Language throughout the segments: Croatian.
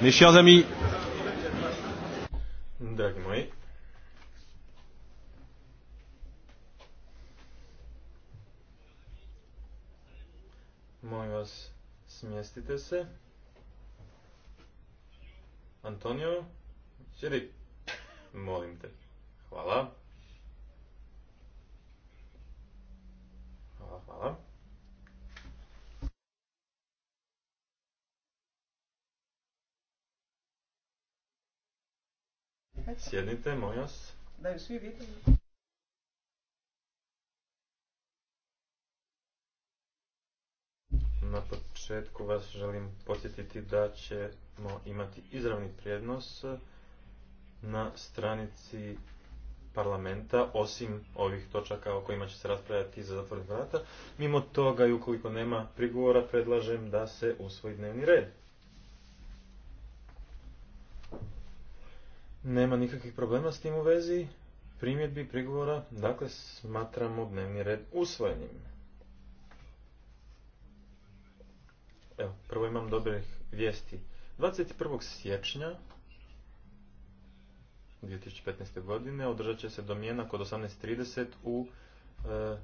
Mes chers amis. Dragi moji. Molim vas, smjestite se. Antonio, sjedi. Molim te. Hvala. Hvala, hvala. Sjednite, molim vas. svi Na početku vas želim podsjetiti da ćemo imati izravni prijednos na stranici parlamenta, osim ovih točaka o kojima će se raspravljati za zatvorenih vrata. Mimo toga i ukoliko nema prigovora, predlažem da se usvoji dnevni red. Nema nikakvih problema s tim u vezi, primjedbi, prigovora, dakle smatramo dnevni red usvojenim. Evo, prvo imam dobrih vijesti. 21. siječnja 2015. godine održat će se domjena kod 18.30 u e,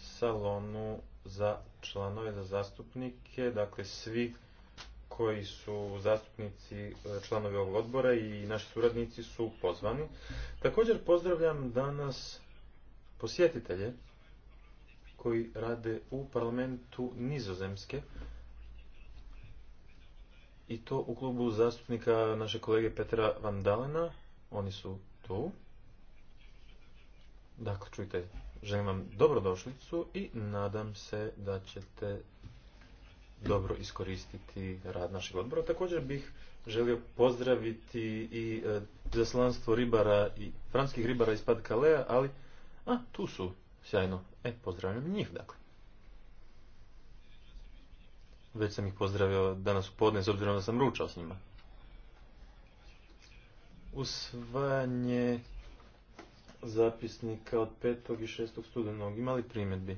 salonu za članove, za zastupnike, dakle svi koji su zastupnici e, članovi ovog odbora i naši suradnici su pozvani. Također pozdravljam danas posjetitelje koji rade u parlamentu nizozemske i to u klubu zastupnika naše kolege Petra Van Dalena. Oni su tu. Dakle, čujte, želim vam dobrodošlicu i nadam se da ćete dobro iskoristiti rad našeg odbora. Također bih želio pozdraviti i e, zaslanstvo ribara i franskih ribara iz Padkalea, ali a, tu su, sjajno. E, pozdravljam njih, dakle. Već sam ih pozdravio danas u podne, s obzirom da sam ručao s njima. Usvajanje zapisnika od 5. i 6. studenog. Imali primjedbi?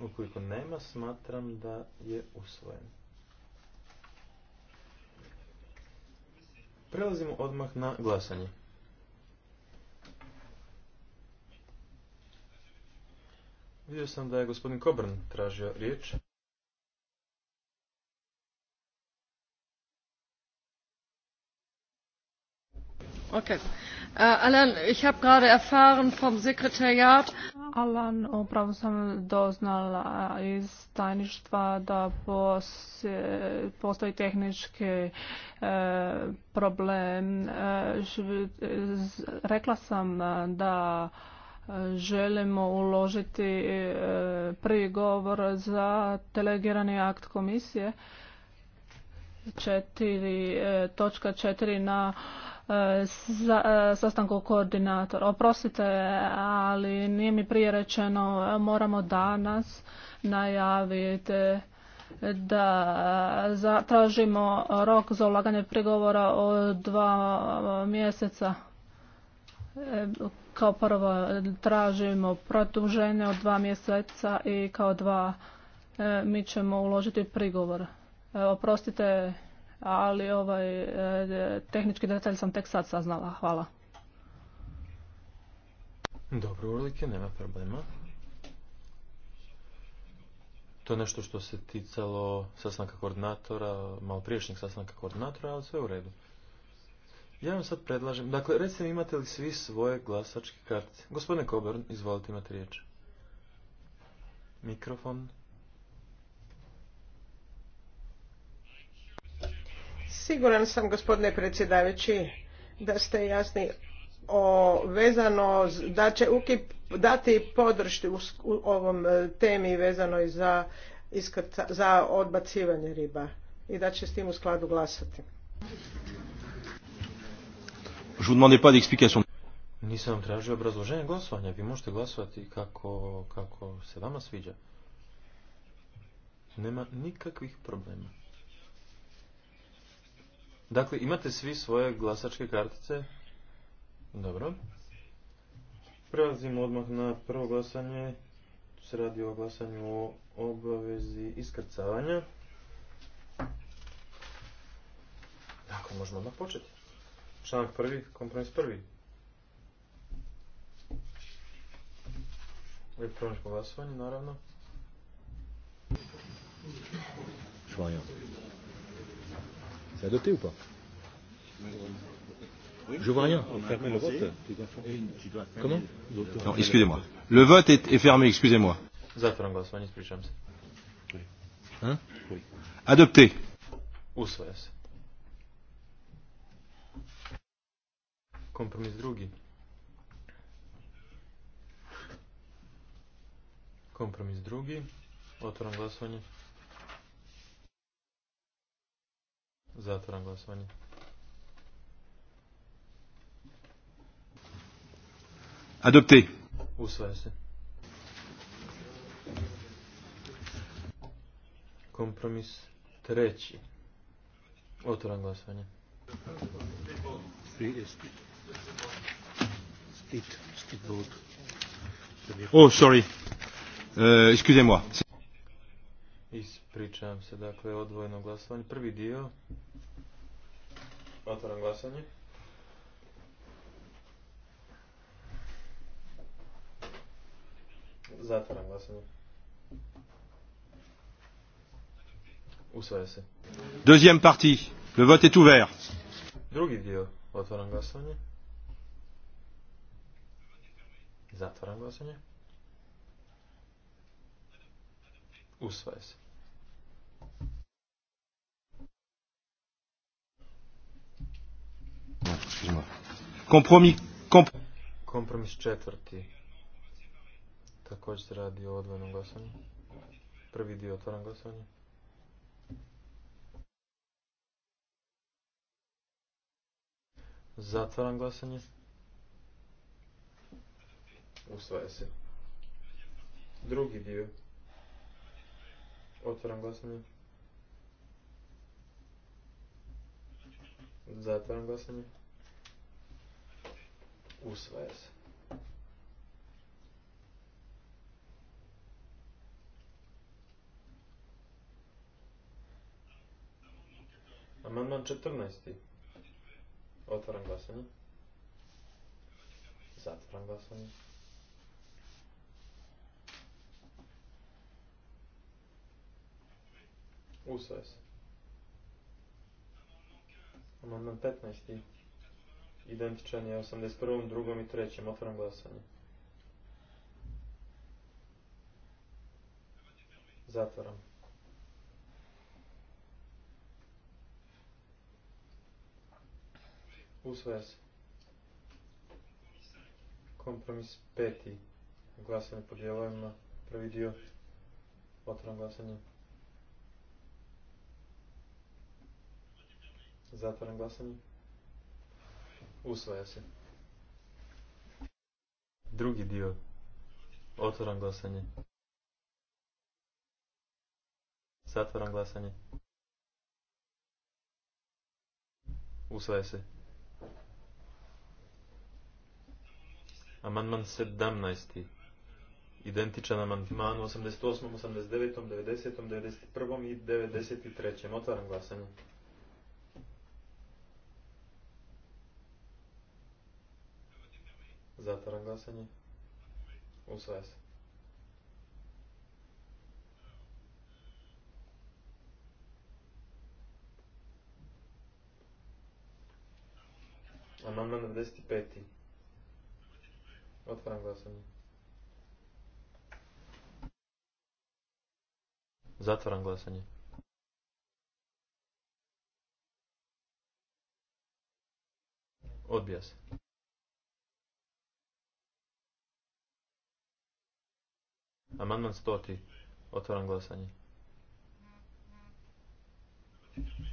Ukoliko nema, smatram da je usvojen. Prelazimo odmah na glasanje. Vidio sam da je gospodin Kobrn tražio riječ. Okay. Uh, Alan, upravo sam doznala iz tajništva da postoji tehnički uh, problem. Uh, rekla sam da želimo uložiti govor za delegirani akt komisije 4.4 na E, sastanku koordinatora. Oprostite, ali nije mi prije rečeno, moramo danas najaviti da zatražimo rok za ulaganje prigovora od dva mjeseca. E, kao prvo tražimo produženje od dva mjeseca i kao dva e, mi ćemo uložiti prigovor. Oprostite, ali ovaj e, tehnički detalj sam tek sad saznala. Hvala. Dobro, urlike, nema problema. To je nešto što se ticalo sastanka koordinatora, malo priješnjeg sastanka koordinatora, ali sve u redu. Ja vam sad predlažem, dakle, recimo imate li svi svoje glasačke kartice? Gospodine Coburn, izvolite, imate riječ. Mikrofon. Siguran sam, gospodine predsjedavajući, da ste jasni o vezano da će UKIP dati podršku u ovom e, temi vezanoj za, za odbacivanje riba i da će s tim u skladu glasati. Nisam vam tražio obrazloženje glasovanja. Vi možete glasovati kako, kako se vama sviđa. Nema nikakvih problema. Dakle, imate svi svoje glasačke kartice? Dobro. Prelazimo odmah na prvo glasanje. Tu se radi o glasanju o obavezi iskrcavanja. Dakle, možemo odmah početi. Članak prvi, kompromis prvi. Elektroničko glasovanje, naravno. C'est adopté ou pas Je vois rien. le vote. Comment Non, excusez-moi. Le vote est, est fermé, excusez-moi. Zatvaram glasovanje, ispričavam se. Hein Adopté. Kompromis drugi. Kompromis drugi. Otvaram glasovanje. Zatvaram glasovanje. Adopté. Usvaja se. Kompromis treći. Otvaram glasovanje. Oh, sorry. Uh, Excusez-moi. Ispričavam se, dakle, odvojeno glasovanje. Prvi dio. Otvaram glasovanje. Zatvaram glasanje. Usvaja se. Deuxième partie. Le vote est ouvert. Drugi dio. Otvaram glasovanje. Zatvaram glasanje. Usvaja se. Kompromis, kompromis četvrti. Također se radi o odvojnom glasanju. Prvi dio otvoran glasanje. Zatvaram glasanje. Usvaja se. Drugi dio. Otvaram glasanje. Zatvaram glasanje. Usvaja se. Amandman 14. Otvaram glasanje. Zatvaram glasanje. Usvaja se. Ono, Amandman 15. Identičan je 81. drugom i trećem. Otvaram glasanje. Zatvaram. Usvaja se. Kompromis peti. Glasanje po dijelovima. Prvi dio. Otvaram glasanje. Zatvaram glasanje. Usvaja se. Drugi dio. Otvaram glasanje. Zatvaram glasanje. Usvaja se. Amandman 17. Identičan amandman 88, 89, 90, 91 i 93. Otvaram glasanje. Zatvaram glasanje. Usvaja se. Amandman 95. Otvaram glasanje. Zatvaram glasanje. Odbija se. Amandman stoti. Otvaram glasanje.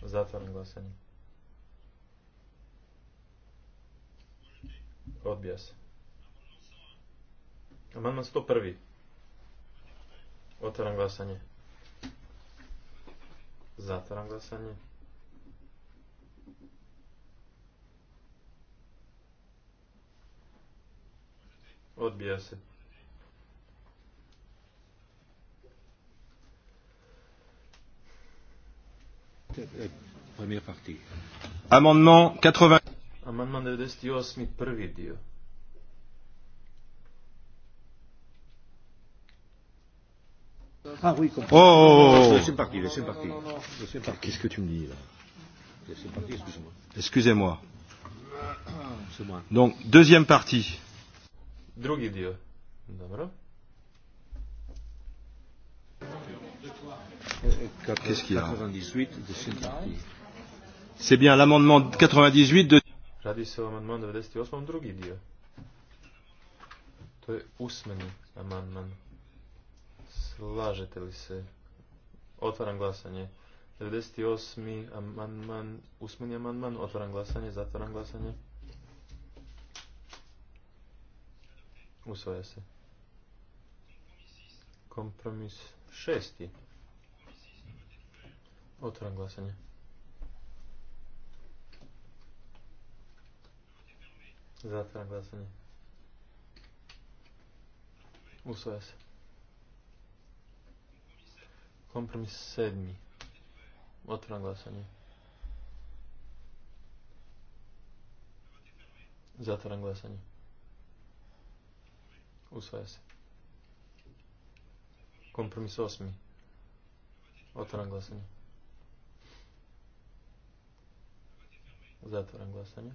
Zatvaram glasanje. Odbija se. Amandman Prvi, Otvaram glasanje. Zatvaram glasanje. Odbija se. première partie. Amendement 80. Amendement 98. prvi dio. Ah oui, comprends. Oh, oh, oh, oh, Laissez partie, laissez partie. Deuxième partie. Qu'est-ce que tu me dis là Deuxième partie, excusez-moi. Excusez-moi. Donc, deuxième partie. Drugi dio. D'accord. Qu'est-ce qu'il y a C'est bien l'amendement 98 de... Radi se o amandmanu 98. drugi dio. To je usmeni amandman. Slažete li se? Otvaram glasanje. 98. amandman, usmeni amandman, otvaram glasanje, zatvaram glasanje. Usvaja se. Kompromis šesti. Otvoram glasanje. Zatvaram glasanje. Usvaja se. Kompromis sedmi. Otvaram glasanje. Zatvaram glasanje. Usvoja se. Kompromis osmi. Otvaram glasanje. Zatvoram glasanje.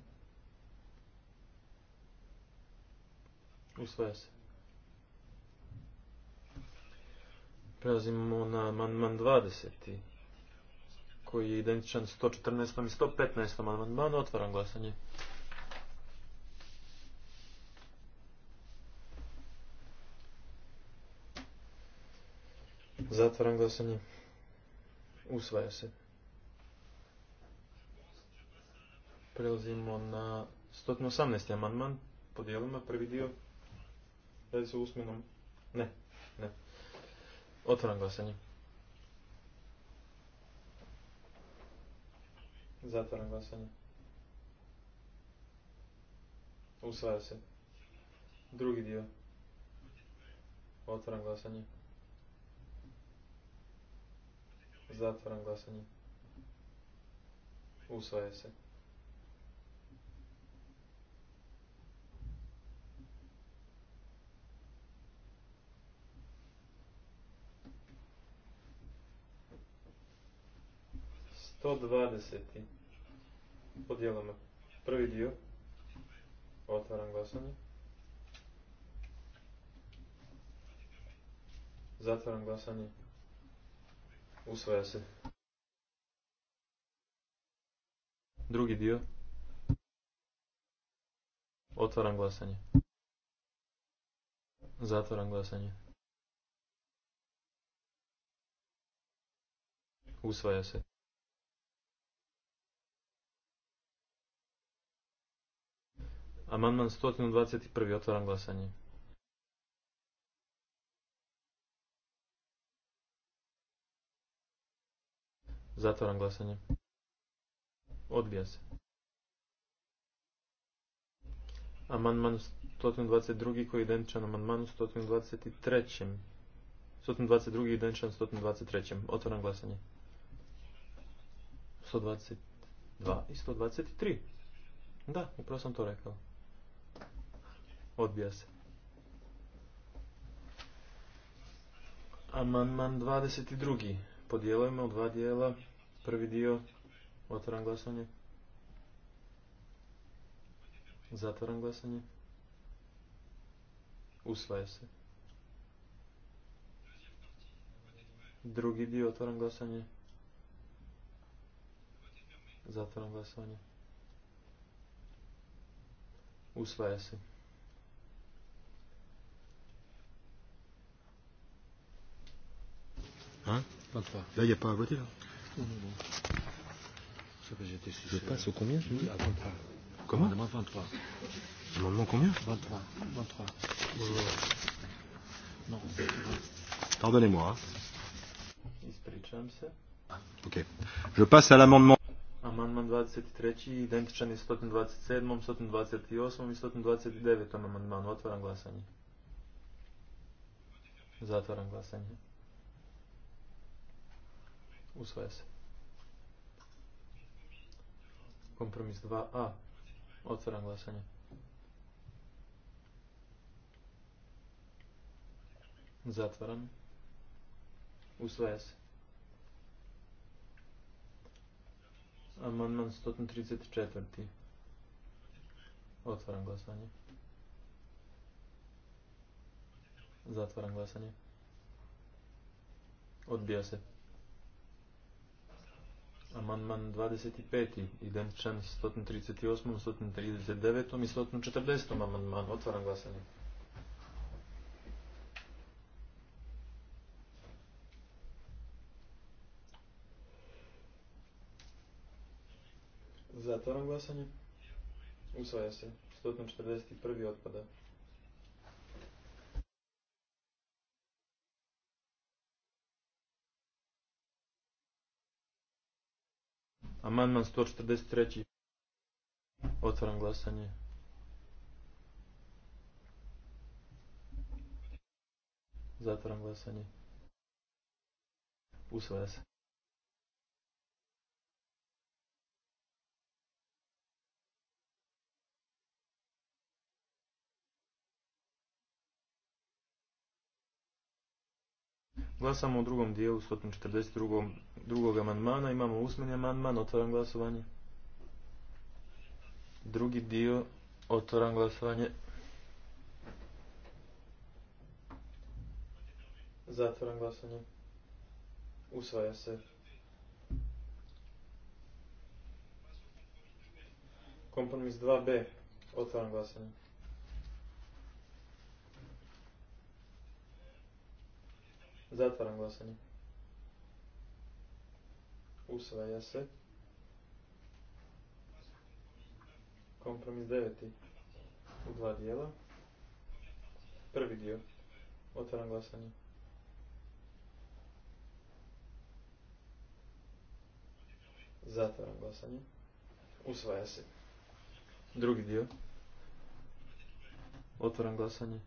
Usvaja se. Prelazimo na amandman 20. koji je identičan 114. i 115. man. Otvaram glasanje. Zatvaram glasanje. Usvaja se. Prelazimo na 118. amandman po dijelima. Prvi dio. Radi se usmenom. Ne, ne. Otvaram glasanje. Zatvaram glasanje. Usvaja se. Drugi dio. Otvaram glasanje. Zatvaram glasanje. Usvaja se. 120. Po Prvi dio. Otvaram glasanje. Zatvaram glasanje. Usvaja se. Drugi dio. Otvaram glasanje. Zatvaram glasanje. Usvaja se. Amandman 121. Otvaram glasanje. Zatvaram glasanje. Odbija se. Amandman 122. koji je identičan amandmanu 123. 122. Denčan 123. Otvaram glasanje. 122 i 123. Da, upravo sam to rekao. Odbija se. Amandman 22. Podijelujemo u dva dijela. Prvi dio. Otvaram glasanje. Zatvaram glasanje. Usvaja se. Drugi dio. Otvoran glasanje. Zatvaram glasanje. Usvaja se. Hein 23. Là, il n'y a pas à voter, là Non, non, non. Ça peut Je passe au combien je dis À 23. Comment Amendement 23. Amendement combien 23. 23. Oh. Non. Pardonnez-moi. Ispričavam se. Ah, ok. Je passe à l'amendement. Amandman 23. identičan je 127. 128. i 129. amandmanu. Otvaram glasanje. Zatvaram glasanje. Usvaja se. Kompromis 2a. Otvaram glasanje. Zatvaram. Usvaja se. Amandman 134. Otvaram glasanje. Zatvaram glasanje. Odbija se. Amandman 25. Idem identičan 138. 139. i 140. amandman. Otvaram glasanje. Zatvaram glasanje. Usvaja se. 141. otpada. Amandman 143. Otvaram glasanje. Zatvaram glasanje. Usvaja se. Glasamo u drugom dijelu 142. drugog amandmana. Imamo usmeni amandman. Otvaram glasovanje. Drugi dio. Otvaram glasovanje. zatvoram glasovanje. Usvaja se. Kompromis 2b. Otvaram glasovanje. Zatvaram glasanje. Usvaja se. Kompromis deveti u dva dijela. Prvi dio. Otvaram glasanje. Zatvaram glasanje. Usvaja se. Drugi dio. Otvaram glasanje.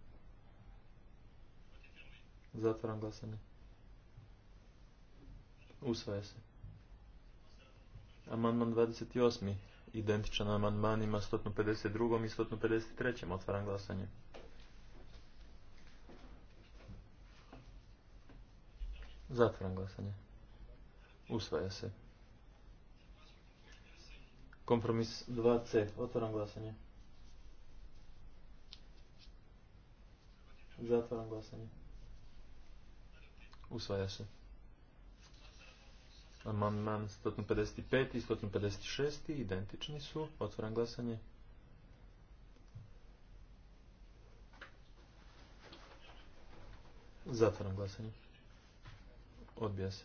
Zatvaram glasanje. Usvaja se. Amandman 28. Identičan amandmanima 152. i 153. Otvaram glasanje. Zatvaram glasanje. Usvaja se. Kompromis 2c. Otvaram glasanje. Zatvaram glasanje. Usvaja se. Amandman 155 i 156 identični su. Otvoran glasanje. Zatvaram glasanje. Odbija se.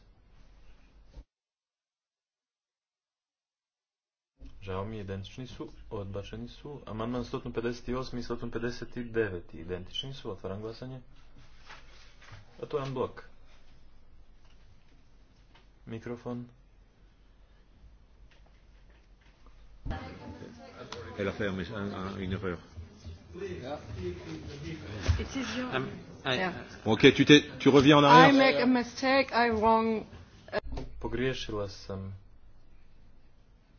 Žao mi, identični su, odbačeni su. Amandman 158 i 159 identični su, otvaram glasanje. A to je jedan blok. Mikrofon. a Ok, tu, tu reviens en arrière. I Pogriješila sam.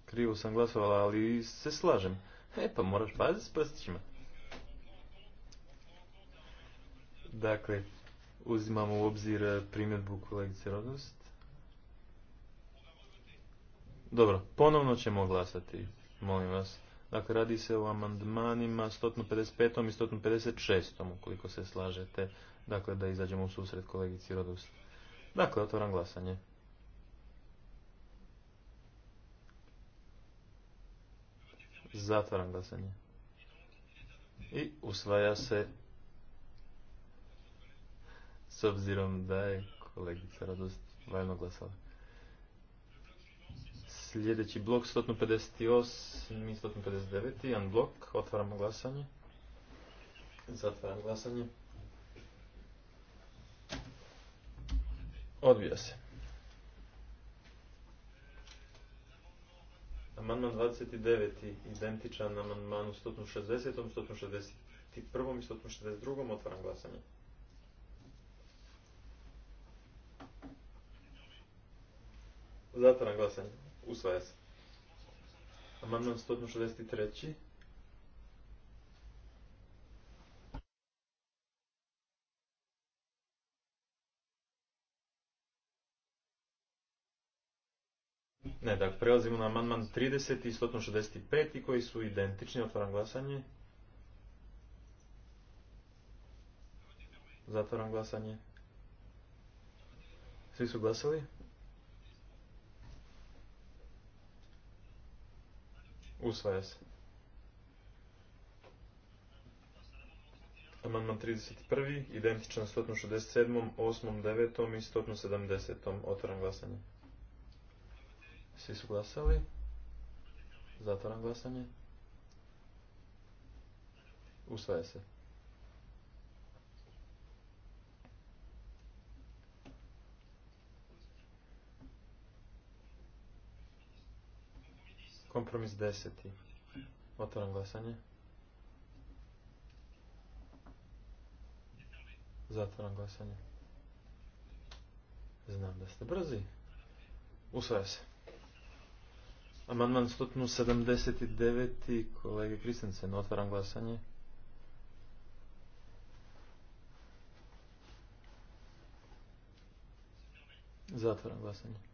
Krivo sam glasovala, ali se slažem. E pa moraš paziti s prstićima. Dakle, uzimamo u obzir primjedbu kolegice rodnosti. Dobro, ponovno ćemo glasati, molim vas. Dakle, radi se o amandmanima 155. i 156. ukoliko se slažete, dakle, da izađemo u susret kolegici Rodust. Dakle, otvoram glasanje. Zatvaram glasanje. I usvaja se s obzirom da je kolegica Radost vajno glasala. Sljedeći blok 158 i 159, jedan blok, otvaramo glasanje. Zatvaram glasanje. Odbija se. Amandman 29. identičan amandmanu 160, 161. i 162. Otvaram glasanje. Zatvaram glasanje. Usvaja se. Amandman 163. Ne, dakle, prelazimo na amandman 30 i 165 koji su identični, otvaram glasanje. Zatvaram glasanje. Svi su glasali? Usvaja se. Amandman 31. Identičan 167. 8. 9. i 170. Otvoram glasanje. Svi su glasali. Zatvoram glasanje. Usvaja se. kompromis 10. Otvaram glasanje. Zatvaram glasanje. Znam da ste brzi. Usvaja se. Amandman 179. kolege Kristensen. Otvaram glasanje. Zatvaram glasanje.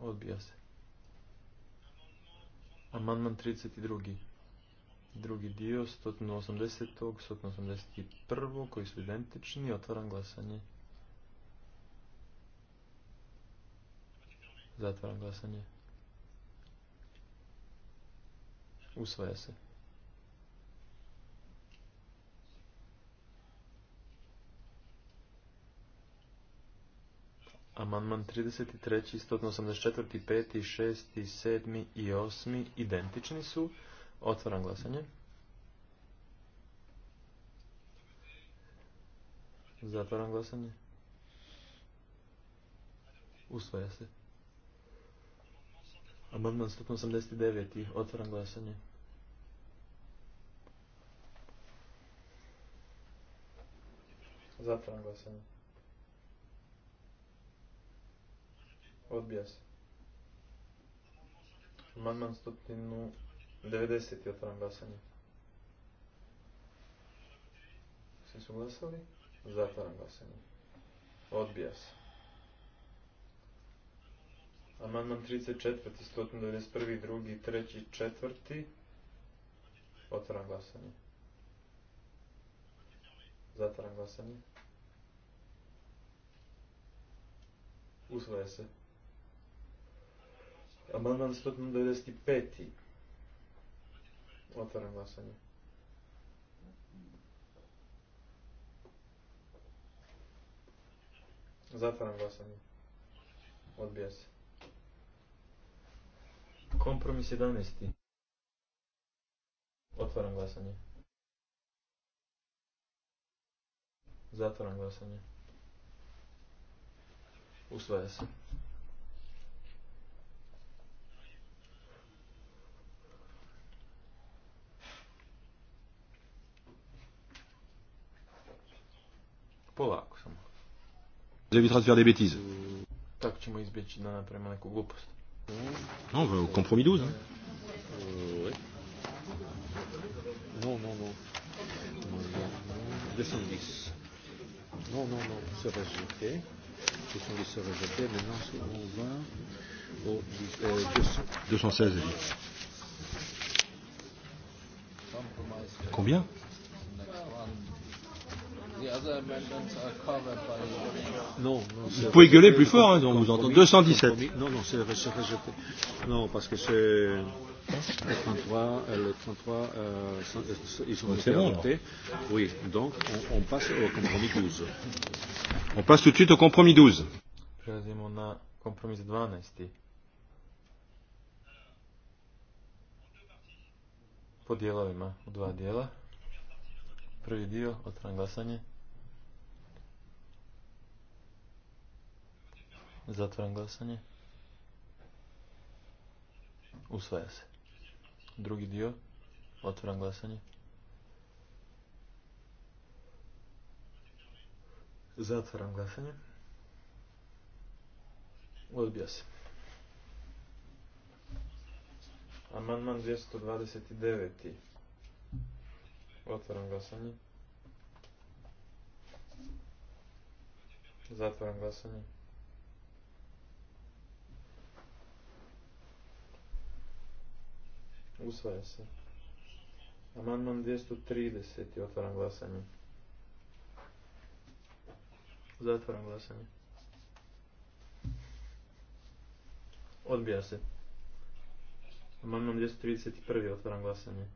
Odbija se. Amandman 32. Drugi dio, 180. 181. koji su identični. Otvaram glasanje. Zatvaram glasanje. Usvaja se. Amandman 33, 184, 5, 6, 7 i 8 identični su. Otvaram glasanje. Zatvaram glasanje. Usvaja se. Amandman 189. Otvaram glasanje. Zatvaram glasanje. Odbija se. Amandman 190. Otvaram glasanje. Svi su glasali? Zatvaram glasanje. Odbija se. Amandman 34. 191. drugi, treći, četvrti. Otvaram glasanje. Zatvaram glasanje. Usvaja se. Amandman 195. Otvaram glasanje. Zatvaram glasanje. Odbija se. Kompromis 11. Otvaram glasanje. Zatvaram glasanje. Usvaja se. Polako samo. Zavitra de faire des bêtises. Tako ćemo izbjeći da napravimo neku glupost. No, kompromis 12. Hein. Euh, no, Non, non, non. 210. Non, non, non, c'est rejeté. 210 c'est rejeté. Maintenant, on va au euh, 216. Combien Non, non Vous pouvez gueuler plus fort, hein, on vous entend. 217. Non, non, c'est rejeté. Non, parce que c'est. Le 33, euh, le 33 euh, ils sont bon, adoptés. Oui, donc on, on passe au compromis 12. On passe tout de suite au compromis 12. Prelazimo na kompromis 12. Po dijelovima, u dva dijela. Prvi dio, otvoren glasanje. Zatvaram glasanje. Usvaja se. Drugi dio. Otvaram glasanje. Zatvaram glasanje. Odbija se. Amandman 229. Otvaram glasanje. Zatvaram glasanje. Usvaja se. Amandman 230. Otvaram glasanje. Zatvaram glasanje. Odbija se. Amandman 231. Otvaram glasanje.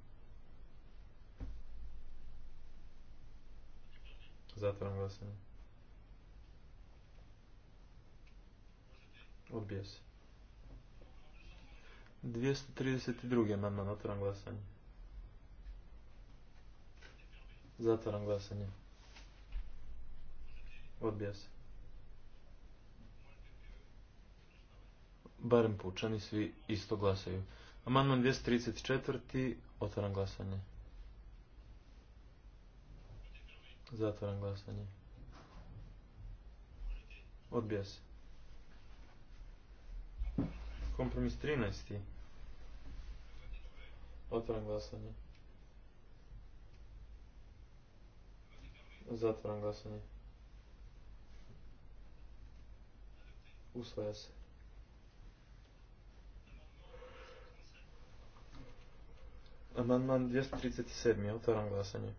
Zatvaram glasanje. Odbija se. 232. amandman, otvaram glasanje. Zatvaram glasanje. Odbija se. Barem pučani svi isto glasaju. Amandman 234. Otvaram glasanje. Zatvaram glasanje. Odbija se. Kompromis 13. Otvaram glasanje. Zatvaram glasanje. Usvaja se. Amandman 237. Otvaram glasanje.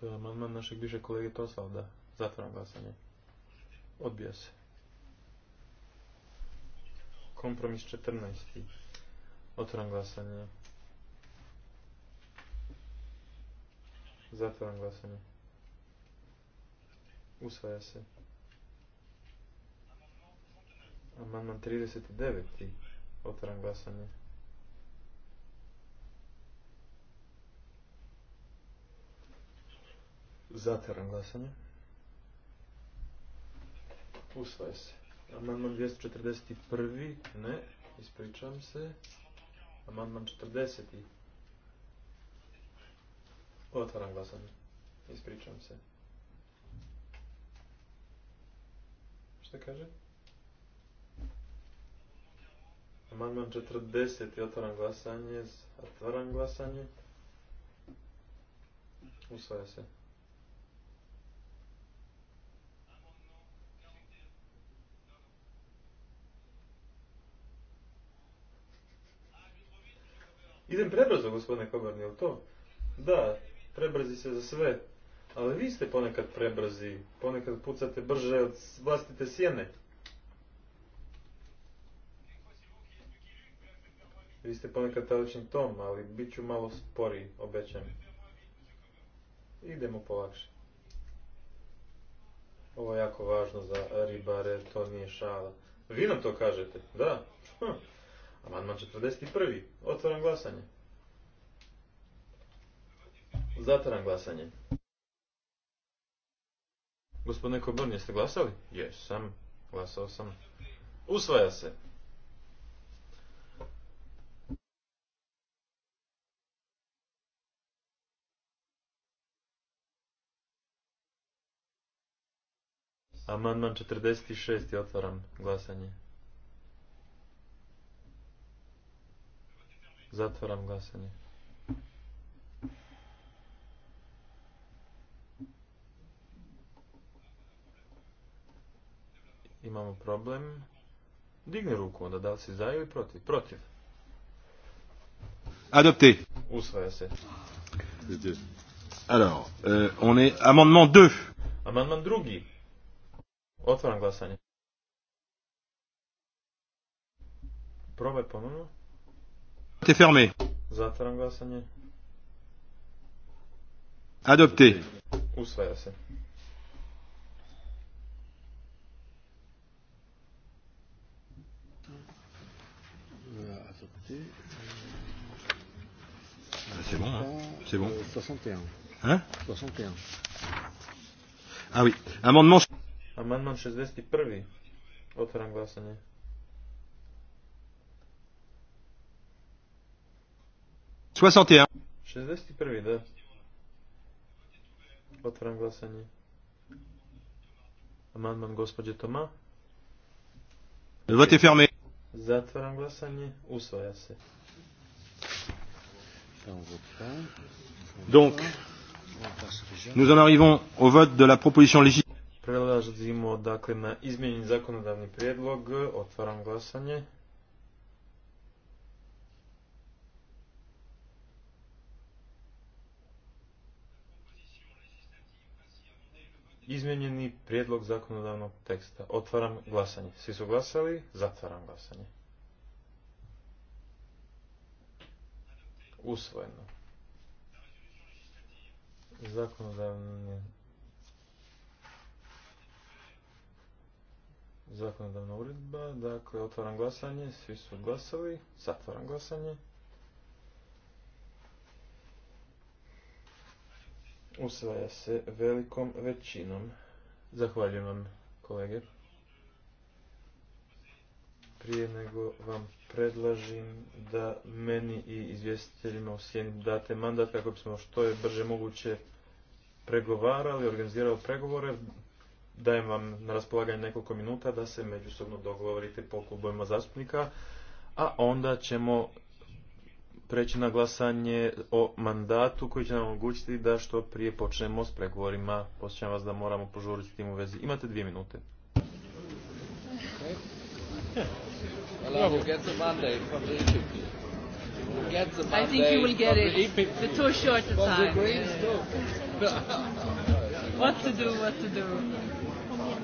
To je amandman našeg bližeg kolege da. Zatvaram glasanje. Odbija se. Kompromis 14. Otvaram glasanje. Zatvaram glasanje. Usvaja se. Amandman 39. Otvaram glasanje. Zatvaram glasanje. Usvaja se. Amandman 241. Ne, ispričam se. Amandman 40. Otvaram glasanje. Ispričam se. Šta kaže? Amandman 40. Otvaram glasanje. Otvaram glasanje. Usvaja se. Idem prebrzo, gospodine Kobarni, je to? Da, prebrzi se za sve. Ali vi ste ponekad prebrzi, ponekad pucate brže od vlastite sjene. Vi ste ponekad talični tom, ali bit ću malo spori, obećam. Idemo polakše. Ovo je jako važno za ribare, to nije šala. Vi nam to kažete, da? Hm. Amandman 41. Otvaram glasanje. Zatvaram glasanje. Gospodine Koborn, jeste glasali? Jesam. Glasao sam. Usvaja se. Amandman 46. Otvaram glasanje. Zatvaram glasanje. Imamo problem. Digni ruku onda, da li si za ili protiv? Protiv. Adopté. Usvaja se. Alors, euh, on est amendement 2. Amendement drugi. Otvaram glasanje. Probaj ponovno. Te fermé. glasanje. Adopté. Usvaja se. Adopté. Ah, c'est bon, hein c'est bon. 61. Hein 61. Ah oui, amendement... Amendement 61. Otvaram glasanje. 61. 61. da. Otvaram glasanje. Amandman gospođe Toma. Vote fermé. Zatvaram glasanje. Usvaja se. Donc, nous en arrivons au vote de la proposition législative. Prelazimo dakle na izmijenjeni zakonodavni prijedlog. Otvaram glasanje. izmjenjeni prijedlog zakonodavnog teksta. Otvaram glasanje. Svi su glasali, zatvaram glasanje. Usvojeno. Zakonodavni... zakonodavna uredba, dakle otvaram glasanje, svi su glasali, zatvaram glasanje. Usvaja se velikom većinom. Zahvaljujem vam, kolege. Prije nego vam predlažim da meni i izvjestiteljima u sjeni date mandat kako bismo što je brže moguće pregovarali, organizirali pregovore. Dajem vam na raspolaganje nekoliko minuta da se međusobno dogovorite po klubovima zastupnika, a onda ćemo preći na glasanje o mandatu koji će nam omogućiti da što prije počnemo s pregovorima. Posjećam vas da moramo požuriti tim u vezi. Imate dvije minute. What to do, what to do.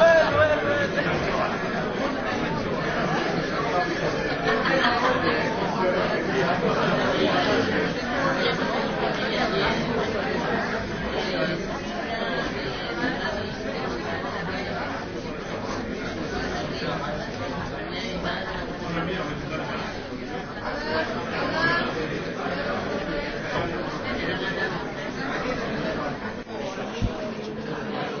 Evo, evo,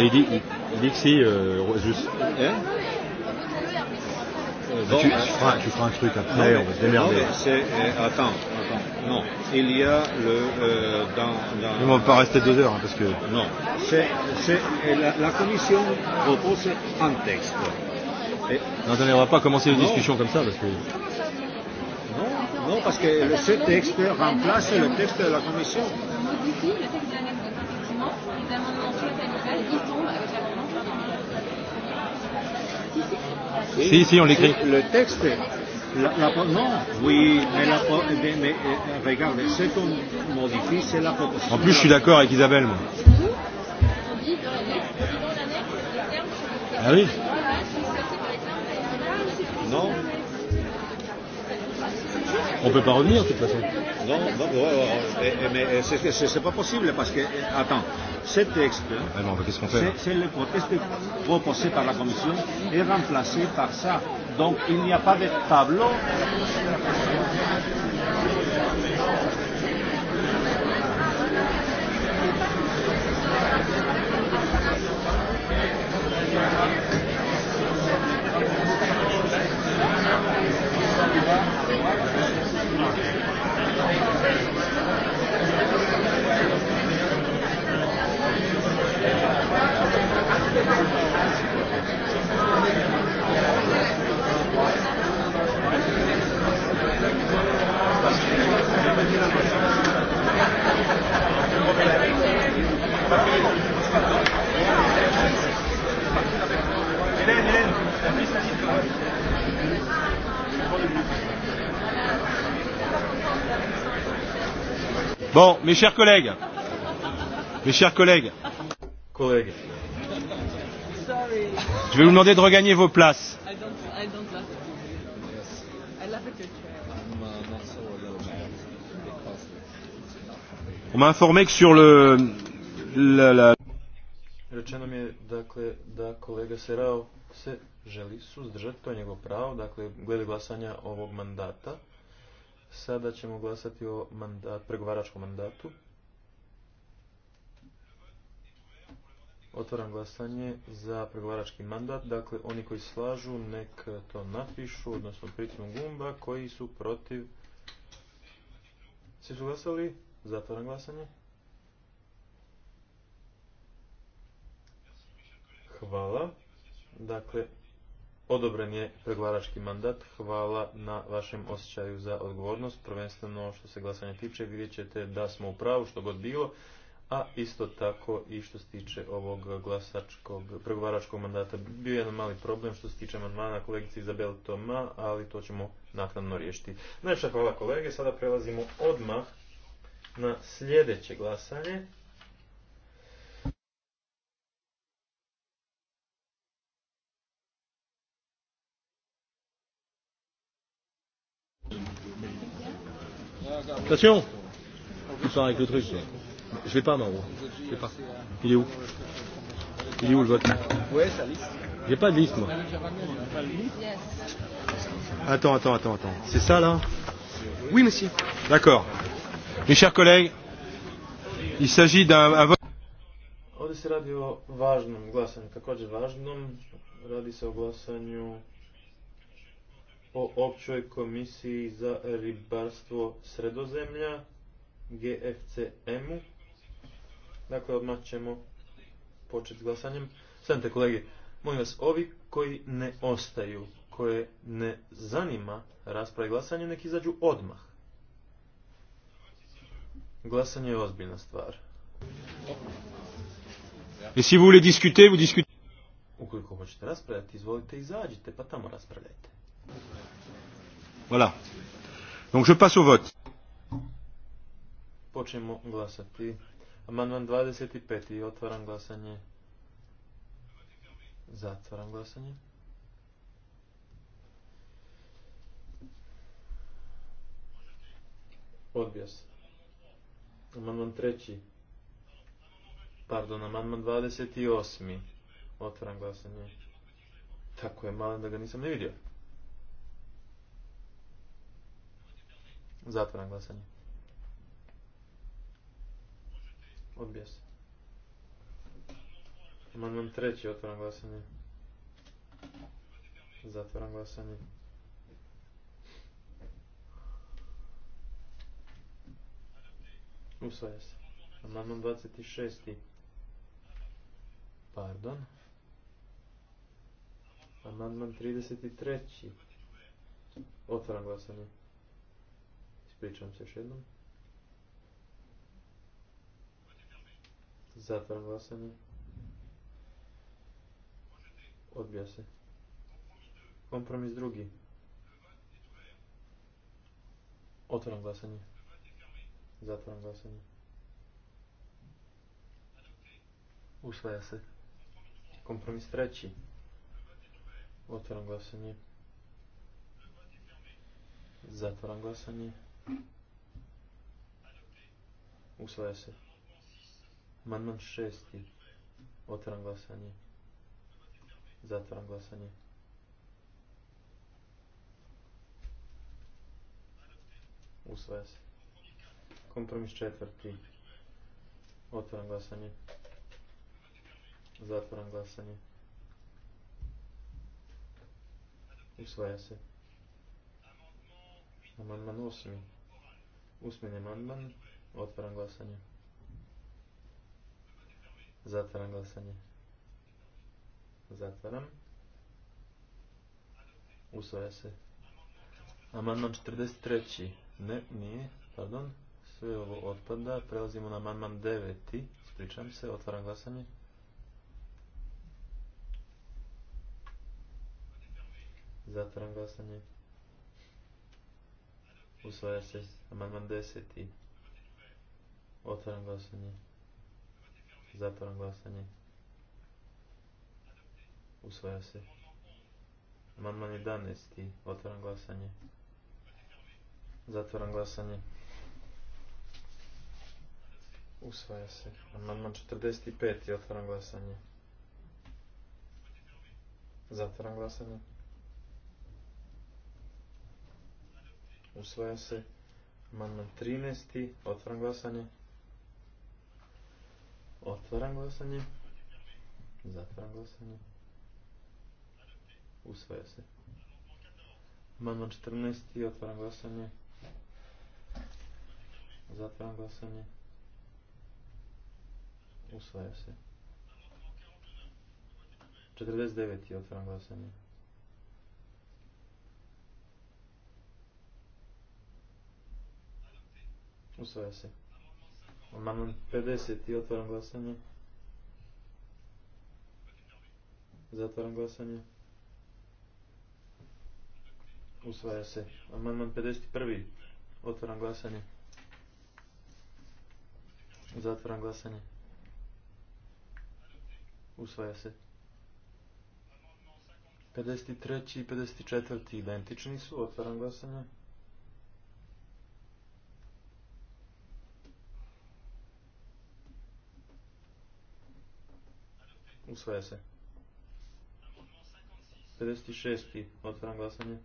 Ah, il dit, il dit que si, euh, juste. Hein eh euh, Bon, tu, tu, feras, tu feras un truc après, non, on va se démerder. Non, euh, attends, attends, non. Il y a le... Euh, dans, dans, mais on ne va pas rester deux heures, hein, parce que... Non, c'est, c'est, euh, la, la commission propose un texte. Et... Non, attendez, on ne va pas commencer une non. discussion comme ça, parce que... Non, non, parce que ce texte remplace le texte de la commission. Si, si, on l'écrit. Le texte, la, la, non, oui, mais, la, mais, mais euh, regarde, ce qu'on modifie, c'est la proposition. En plus, je suis d'accord avec Isabelle, moi. Ah oui Non on ne peut pas revenir de toute façon. Non, non, ouais, ouais, ouais. mais c'est c'est pas possible parce que attends, ce texte, Alors, ah, qu'est-ce qu'on fait C'est le texte proposé par la Commission et remplacé par ça. Donc il n'y a pas de tableau. Bon, mes chers collègues. Mes chers collègues. Collègues. Je vais vous demander de regagner vos places. Uh, On m'a informé que sur le... La, la... Rečeno mi je dakle, da kolega Serao se želi suzdržati, to je njegov pravo, dakle glede glasanja ovog mandata. Sada ćemo glasati o mandat, pregovaračkom mandatu. Otvaram glasanje za pregovarački mandat. Dakle, oni koji slažu, nek to napišu, odnosno pritimu gumba, koji su protiv. Svi su glasali? Zatvaram glasanje. Hvala. Dakle, Odobren je pregovarački mandat. Hvala na vašem osjećaju za odgovornost. Prvenstveno što se glasanje tiče vidjet ćete da smo u pravu što god bilo, a isto tako i što se tiče ovog glasačkog pregovaračkog mandata. Bio je jedan mali problem što se tiče amandmana kolegice Izabel Toma, ali to ćemo naknadno riješiti. Najviše hvala kolege, sada prelazimo odmah na sljedeće glasanje. Attention Ils sont avec le truc. Je l'ai pas, non. Je pas. Il est où Il est où le vote Ouais, sa liste. J'ai pas de liste, moi. Attends, attends, attends, attends. C'est ça, là Oui, monsieur. D'accord. Mes chers collègues, il s'agit d'un vote. Ovdje se radi o važnom glasanju, također važnom. Radi se o glasanju o općoj komisiji za ribarstvo sredozemlja, GFCM-u. Dakle, odmah ćemo početi s glasanjem. Stanite kolege, molim vas, ovi koji ne ostaju, koje ne zanima rasprava glasanje, nek izađu odmah. Glasanje je ozbiljna stvar. I si Ukoliko hoćete raspravljati, izvolite, izađite, pa tamo raspravljajte. Voilà. Donc je passe au vote. Počnemo glasati. Amandman 25. Otvaram glasanje. Zatvaram glasanje. Odbija se. Amandman 3. Pardon, amandman 28. Otvaram glasanje. Tako je, malo da ga nisam ne vidio. Zatvoram glasanje. Odbija se. Amandman treći, otvoram glasanje. Zatvoram glasanje. Usvaja se. Amandman 26. Pardon. Amandman 33. Otvoreno glasanje. Ispričavam se još jednom. Zatvaram glasanje. Odbija se. Kompromis drugi. Otvaram glasanje. Zatvaram glasanje. Usvaja se. Kompromis treći. Otvaram glasanje. Zatvaram glasanje. Usvaja se. Amandman šesti. Otvaram glasanje. Zatvaram glasanje. Usvaja se. Kompromis četvrti. Otvaram glasanje. Zatvaram glasanje. Usvaja se. Amandman osmi. Usmeni amandman. Otvaram glasanje. Zatvaram glasanje. Zatvaram. Usvaja se. Amandman 43. Ne, nije. Pardon. Sve ovo otpada. Prelazimo na amandman 9. Spričam se. Otvaram glasanje. Zatvaram glasanje. Usvaja se amandman 10. Otvaram glasanje. Zatvaram glasanje. Usvaja se. Amandman 11. Otvaram glasanje. Zatvaram glasanje. Usvaja se. Amandman 45. Otvaram glasanje. Zatvaram glasanje. Usvaja se amandman 13. Otvaram glasanje. Otvaram glasanje. Zatvaram glasanje. Usvaja se. Amandman 14. Otvaram glasanje. Zatvaram glasanje. Usvaja se. 49. Otvaram glasanje. Usvaja se. Amandman 50 i otvaram glasanje. Zatvaram glasanje. Usvaja se. Amandman 51. Otvaram glasanje. Zatvaram glasanje. Usvaja se. 53. i 54. identični su. Otvaram glasanje. Usvaja se. 56. Otvaram glasanje.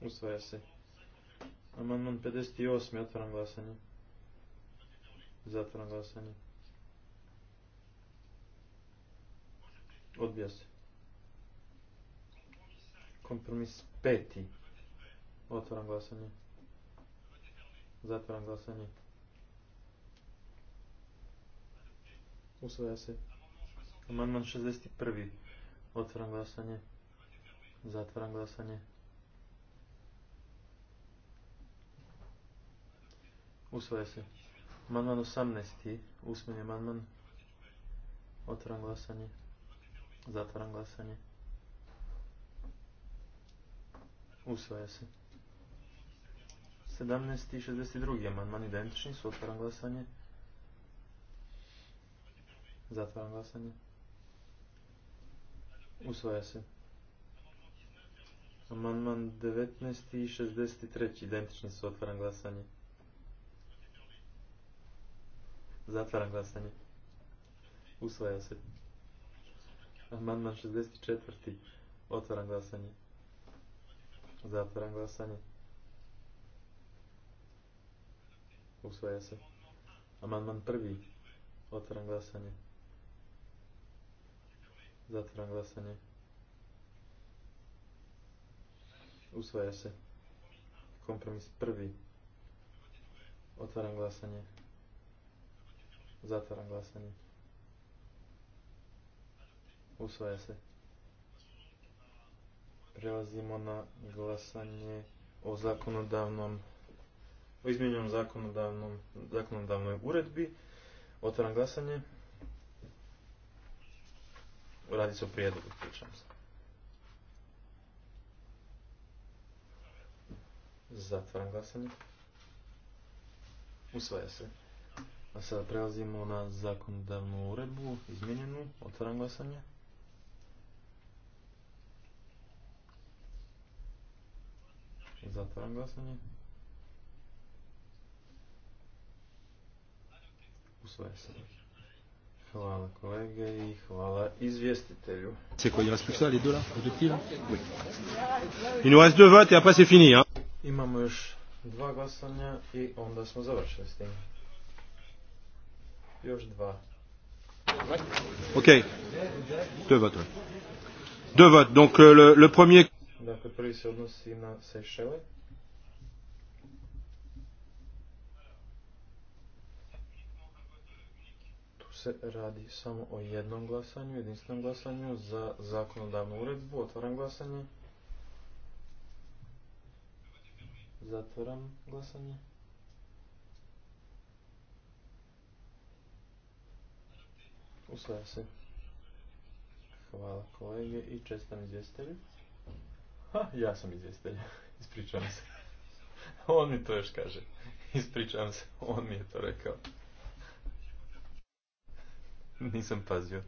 Usvaja se. Amandman 58. Otvaram glasanje. Zatvaram glasanje. Odbija se. Kompromis 5. Otvaram glasanje. Zatvaram glasanje. Usvaja se. Amandman 61. Otvaram glasanje. Zatvaram glasanje. Usvaja se. Amandman 18. Usmeni amandman. Otvaram glasanje. Zatvaram glasanje. Usvaja se. 17. i 62. amandman identični su. Otvaram glasanje. Zatvaram glasanje. Usvaja se. Amandman 19. i 63. identični su. Otvaram glasanje. Zatvaram glasanje. Usvaja se. Amandman 64. Otvaram glasanje. Zatvaram glasanje. Usvaja se. Amandman prvi. Otvaram glasanje. Zatvaram glasanje. Usvaja se. Kompromis prvi. Otvaram glasanje. Zatvaram glasanje. Usvaja se. Prelazimo na glasanje o zakonodavnom o izmijenjenom zakonodavnom, zakonodavnoj uredbi. Otvaram glasanje. Radi se o prijedlogu, pričam se. Zatvaram glasanje. Usvaja se. A sada prelazimo na zakonodavnu uredbu, izmijenjenu. Otvaram glasanje. Zatvaram glasanje. svoje se. Hvala kolege i hvala izvjestitelju. C'est quoi, il reste plus que ça, les deux là, objectif Oui. Il nous reste deux votes et après c'est fini. Hein. Imamo još dva glasanja i onda smo završili s tim. Još dva. Ok. Deux votes. Deux votes. Donc euh, le, le premier... Dakle, prvi se odnosi na Seychelles. se radi samo o jednom glasanju, jedinstvenom glasanju za zakonodavnu uredbu. Otvaram glasanje. Zatvaram glasanje. Usvaja se. Hvala kolege i čestam izvjestitelji. Ha, ja sam izvjestitelj. Ispričavam se. On mi to još kaže. Ispričavam se, on mi je to rekao. Nisam pazio.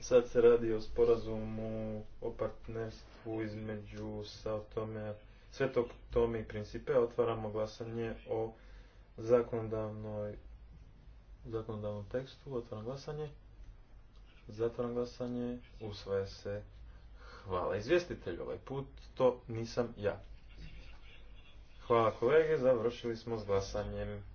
Sad se radi o sporazumu o partnerstvu između Tome, Svetog Tome i Principe. Otvaramo glasanje o zakonodavnoj zakonodavnom tekstu. Otvaram glasanje. Zatvaram glasanje. Usvaja se. Hvala izvjestitelj. Ovaj put to nisam ja. Hvala kolege. Završili smo s glasanjem.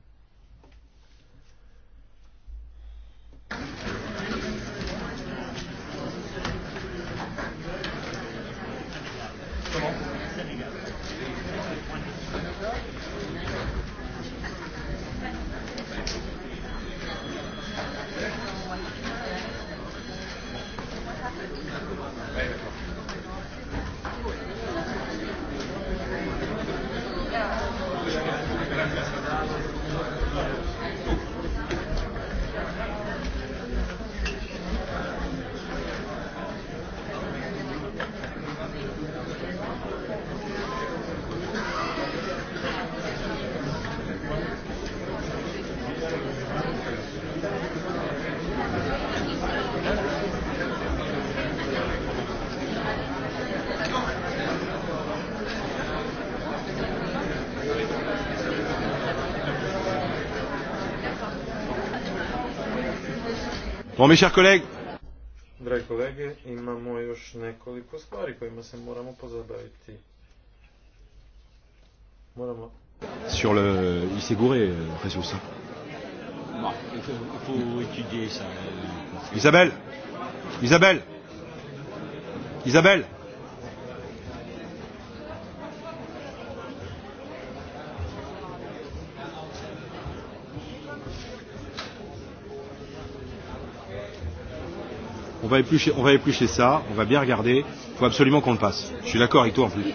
Bon, mes chers collègues. Dragi kolege, imamo još nekoliko stvari kojima se moramo pozabaviti. Moramo... Sur le... Il s'est gouré, ça. Euh, bah, il faut, faut étudier ça. Euh, Isabelle Isabelle Isabelle on va éplucher, on va ça, on va bien regarder, il faut absolument qu'on le passe. Je suis d'accord avec toi en plus.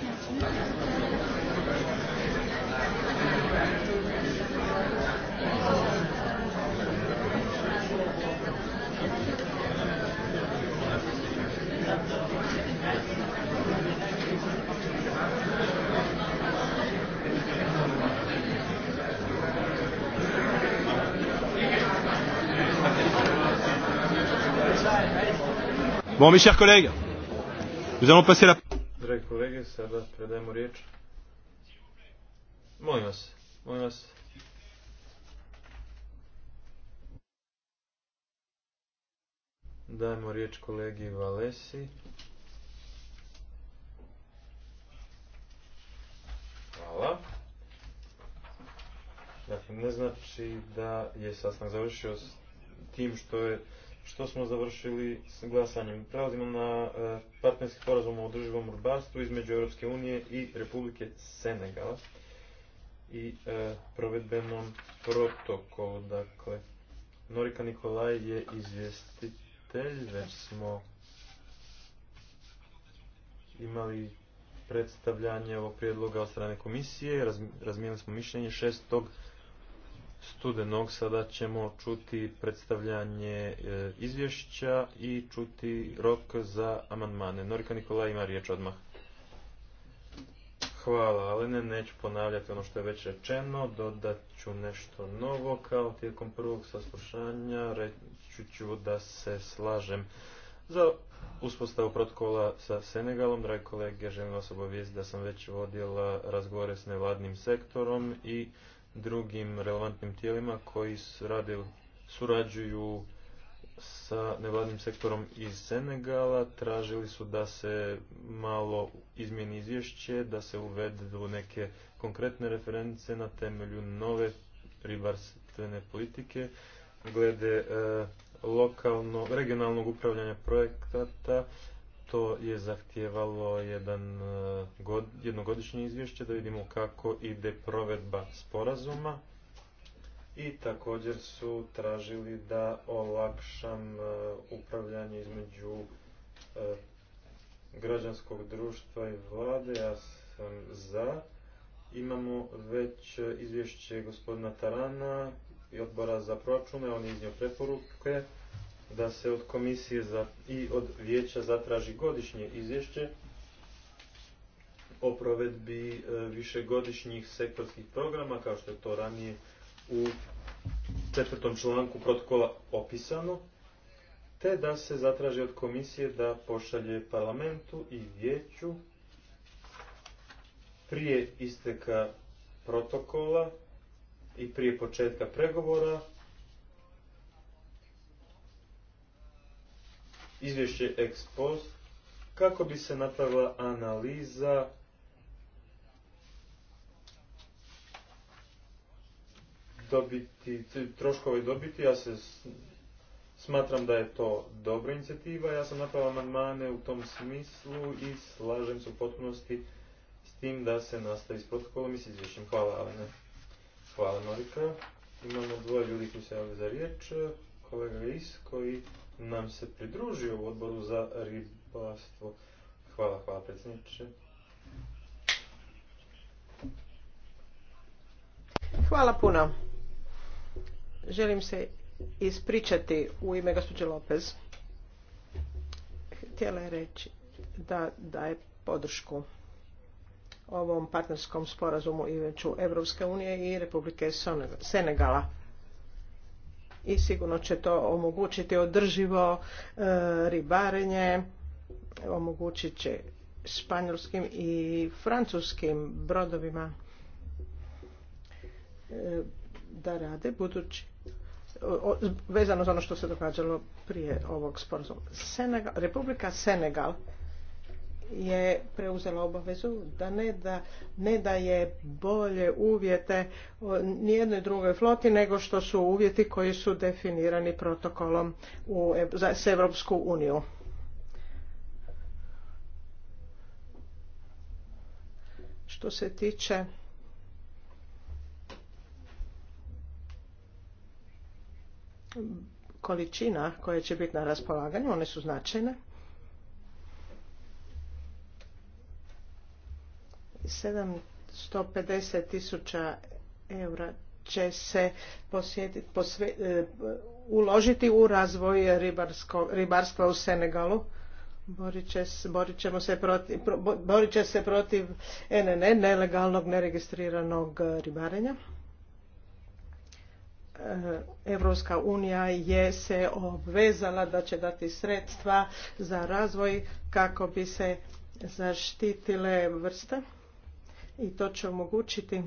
mes chers collègues, nous allons passer la... kolege, sada predajemo riječ. Molim vas, molim vas. Dajemo riječ kolegi Valesi. Hvala. Dakle, ne znači da je sastanak završio s tim što je što smo završili s glasanjem. Prelazimo na e, partnerski sporazum o održivom urbarstvu između Europske unije i Republike Senegala i e, provedbenom protokolu. Dakle, Norika Nikolaj je izvjestitelj, već smo imali predstavljanje ovog prijedloga od strane komisije, razmijenili smo mišljenje Šestog studenog sada ćemo čuti predstavljanje e, izvješća i čuti rok za amandmane. Norika Nikola ima riječ odmah. Hvala, ali ne, neću ponavljati ono što je već rečeno, dodat ću nešto novo, kao tijekom prvog saslušanja reći ću da se slažem za uspostavu protokola sa Senegalom. Dragi kolege, želim vas obavijesti da sam već vodila razgovore s nevladnim sektorom i drugim relevantnim tijelima koji rade, surađuju sa nevladnim sektorom iz Senegala. Tražili su da se malo izmijeni izvješće, da se uvedu neke konkretne reference na temelju nove ribarstvene politike glede e, lokalno, regionalnog upravljanja projekata to je zahtijevalo jedan, e, jednogodišnje izvješće da vidimo kako ide provedba sporazuma i također su tražili da olakšam e, upravljanje između e, građanskog društva i vlade. Ja sam za. Imamo već izvješće gospodina Tarana i odbora za proračune. On je iznio preporuke da se od komisije za, i od vijeća zatraži godišnje izvješće o provedbi e, višegodišnjih sektorskih programa, kao što je to ranije u četvrtom članku protokola opisano, te da se zatraži od komisije da pošalje parlamentu i vijeću prije isteka protokola i prije početka pregovora izvješće ex kako bi se napravila analiza dobiti, troškove dobiti, ja se smatram da je to dobra inicijativa, ja sam napravila amandmane u tom smislu i slažem se u potpunosti s tim da se nastavi s protokolom i s izvješćem. Hvala Alene. Hvala Norika. Imamo dvoje ljudi koji se javljaju za riječ, kolega Is koji nam se pridružio u odboru za ribarstvo. Hvala, hvala predsjedniče. Hvala puno. Želim se ispričati u ime gospođe Lopez. Htjela je reći da daje podršku ovom partnerskom sporazumu između Evropske unije i Republike Senegala i sigurno će to omogućiti održivo e, ribarenje, omogućit će španjolskim i francuskim brodovima e, da rade budući vezano za ono što se događalo prije ovog sporazuma. Republika Senegal je preuzela obavezu da ne, da ne daje bolje uvjete nijednoj drugoj floti nego što su uvjeti koji su definirani protokolom u, za, s uniju. Što se tiče količina koje će biti na raspolaganju, one su značajne. 750 tisuća eura će se e, uložiti u razvoj ribarstva u Senegalu. Borit, će, se protiv, borit se protiv NNN, nelegalnog neregistriranog ribarenja. E, Evropska unija je se obvezala da će dati sredstva za razvoj kako bi se zaštitile vrste i to će omogućiti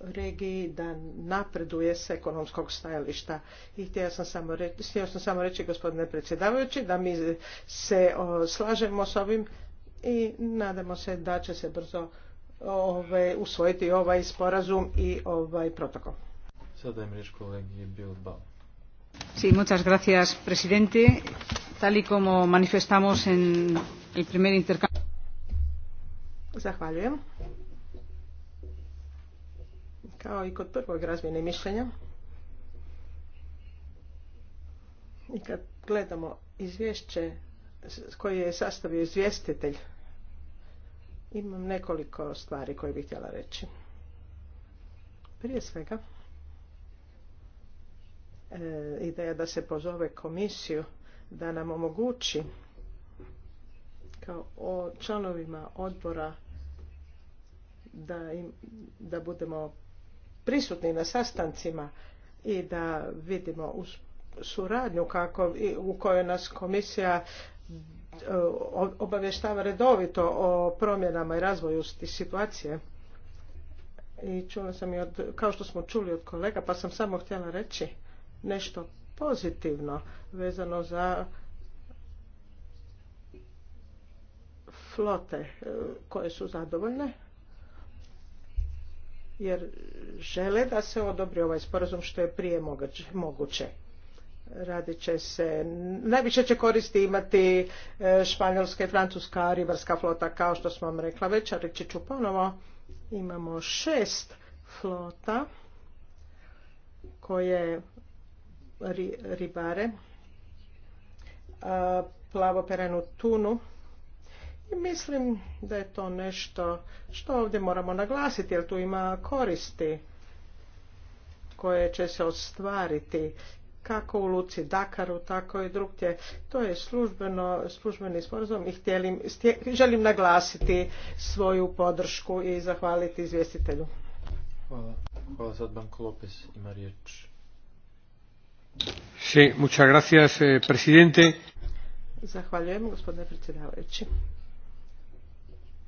regiji da napreduje s ekonomskog stajališta. I htio sam samo reći, sam samo reći gospodine predsjedavajući da mi se slažemo s ovim i nadamo se da će se brzo usvojiti ovaj sporazum i ovaj protokol. Sada im kolegi Sí, muchas gracias, presidente. Tal y como manifestamos en el primer Zahvaljujem. Kao i kod prvog razmjene mišljenja. I kad gledamo izvješće koje je sastavio izvjestitelj, imam nekoliko stvari koje bih htjela reći. Prije svega, e, ideja da se pozove komisiju da nam omogući o članovima odbora da, im, da budemo prisutni na sastancima i da vidimo u suradnju kako, u kojoj nas komisija e, obavještava redovito o promjenama i razvoju situacije. I čula sam i od, kao što smo čuli od kolega, pa sam samo htjela reći nešto pozitivno vezano za flote e, koje su zadovoljne jer žele da se odobri ovaj sporazum što je prije moguće. Radit će se, najviše će koristi imati e, španjolska i francuska ribarska flota kao što smo vam rekla već, a reći ću ponovo, imamo šest flota koje ribare plavo perenu tunu i mislim da je to nešto što ovdje moramo naglasiti, jer tu ima koristi koje će se ostvariti kako u Luci Dakaru, tako i drugdje. To je službeno, službeni sporazum i htjelim, želim naglasiti svoju podršku i zahvaliti izvjestitelju. Hvala. Hvala sad Banko Lopez ima muchas gracias, eh, presidente. Zahvaljujem, gospodine predsjedavajući.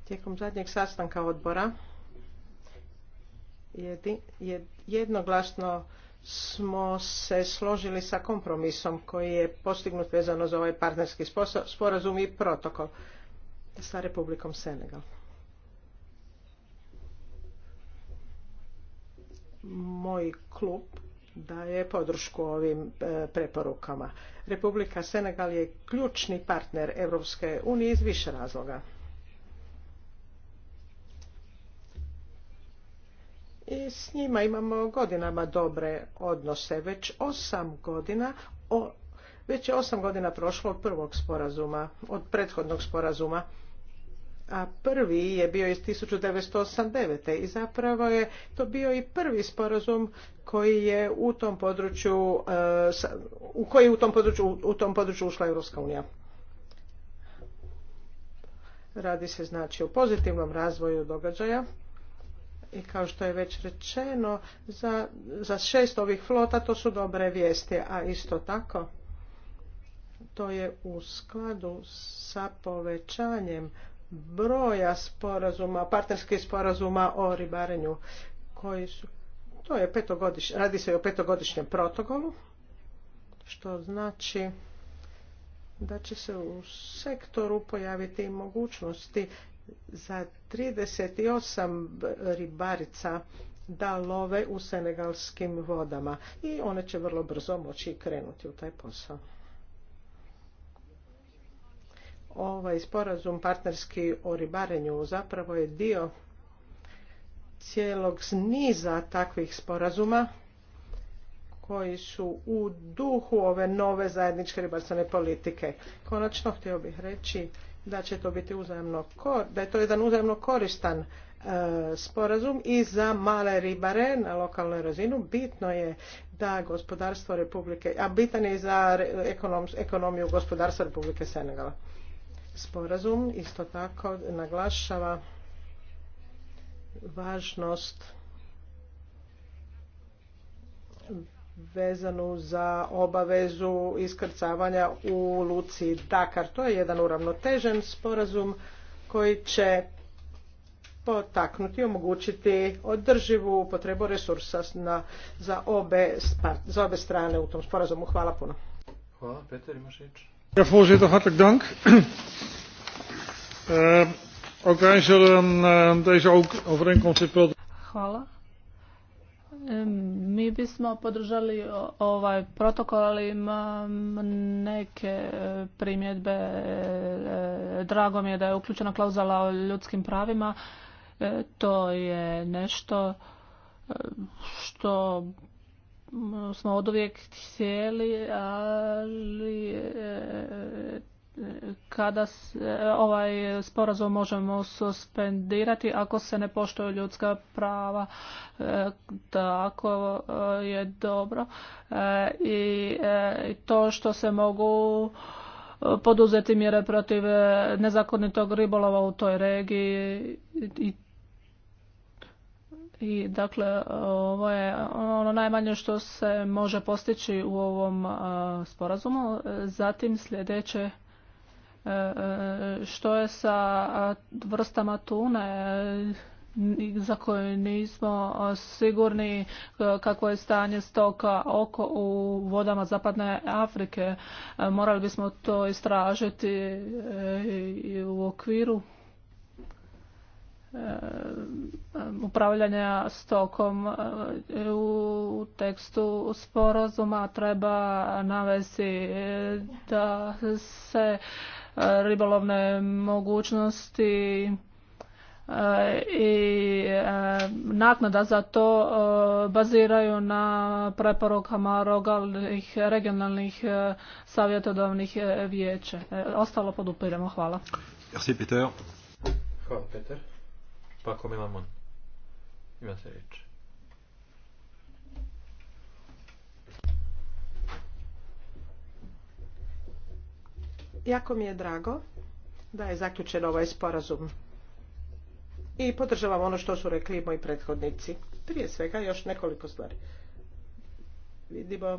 Tijekom zadnjeg sastanka odbora jednoglasno smo se složili sa kompromisom koji je postignut vezano za ovaj partnerski sporazum i protokol sa Republikom Senegal. Moj klub daje podršku ovim e, preporukama. Republika Senegal je ključni partner Europske unije iz više razloga. i s njima imamo godinama dobre odnose. Već osam godina, već je osam godina prošlo od prvog sporazuma, od prethodnog sporazuma. A prvi je bio iz 1989. i zapravo je to bio i prvi sporazum koji je u tom području, e, u koji je u tom području, u tom području ušla Europska unija. Radi se znači o pozitivnom razvoju događaja i kao što je već rečeno, za, za šest ovih flota to su dobre vijesti, a isto tako to je u skladu sa povećanjem broja sporazuma, partnerskih sporazuma o ribarenju koji su to je radi se o petogodišnjem protokolu, što znači da će se u sektoru pojaviti mogućnosti za 38 ribarica da love u senegalskim vodama i one će vrlo brzo moći krenuti u taj posao. Ovaj sporazum partnerski o ribarenju zapravo je dio cijelog niza takvih sporazuma koji su u duhu ove nove zajedničke ribarstvene politike. Konačno htio bih reći da će to biti uzajamno, da je to jedan uzajamno koristan e, sporazum i za male ribare na lokalnoj razinu. Bitno je da gospodarstvo Republike, a bitan je i za ekonomiju gospodarstva Republike Senegala. Sporazum isto tako naglašava važnost vezanu za obavezu iskrcavanja u Luci Dakar. To je jedan uravnotežen sporazum koji će potaknuti i omogućiti održivu potrebu resursa na, za, obe, za obe strane u tom sporazumu. Hvala puno. Hvala. Peter, imaš Ja, voorzitter, hartelijk dank. Eh, zullen eh, overeenkomst... Hvala. Mi bismo podržali ovaj protokol, ali imam neke e, primjedbe. E, e, drago mi je da je uključena klauzala o ljudskim pravima. To je nešto što smo od uvijek htjeli, ali kada e, ovaj sporazum možemo suspendirati ako se ne poštuju ljudska prava. E, tako e, je dobro. I to što se mogu poduzeti mjere protiv nezakonitog ribolova u toj regiji i i dakle, ovo je ono najmanje što se može postići u ovom sporazumu. Zatim sljedeće E, e, što je sa vrstama tune e, za koje nismo sigurni kako je stanje stoka oko u vodama zapadne Afrike. Morali bismo to istražiti i u okviru upravljanja stokom u tekstu sporozuma. treba navesti da se ribolovne mogućnosti e, i e, naknada za to e, baziraju na preporukama rogalnih regionalnih savjetodavnih vijeća. Ostalo podupiremo. Hvala. Merci Peter. Hvala Peter. Pa Ima se Jako mi je drago da je zaključen ovaj sporazum. I podržavam ono što su rekli moji prethodnici. Prije svega još nekoliko stvari. Vidimo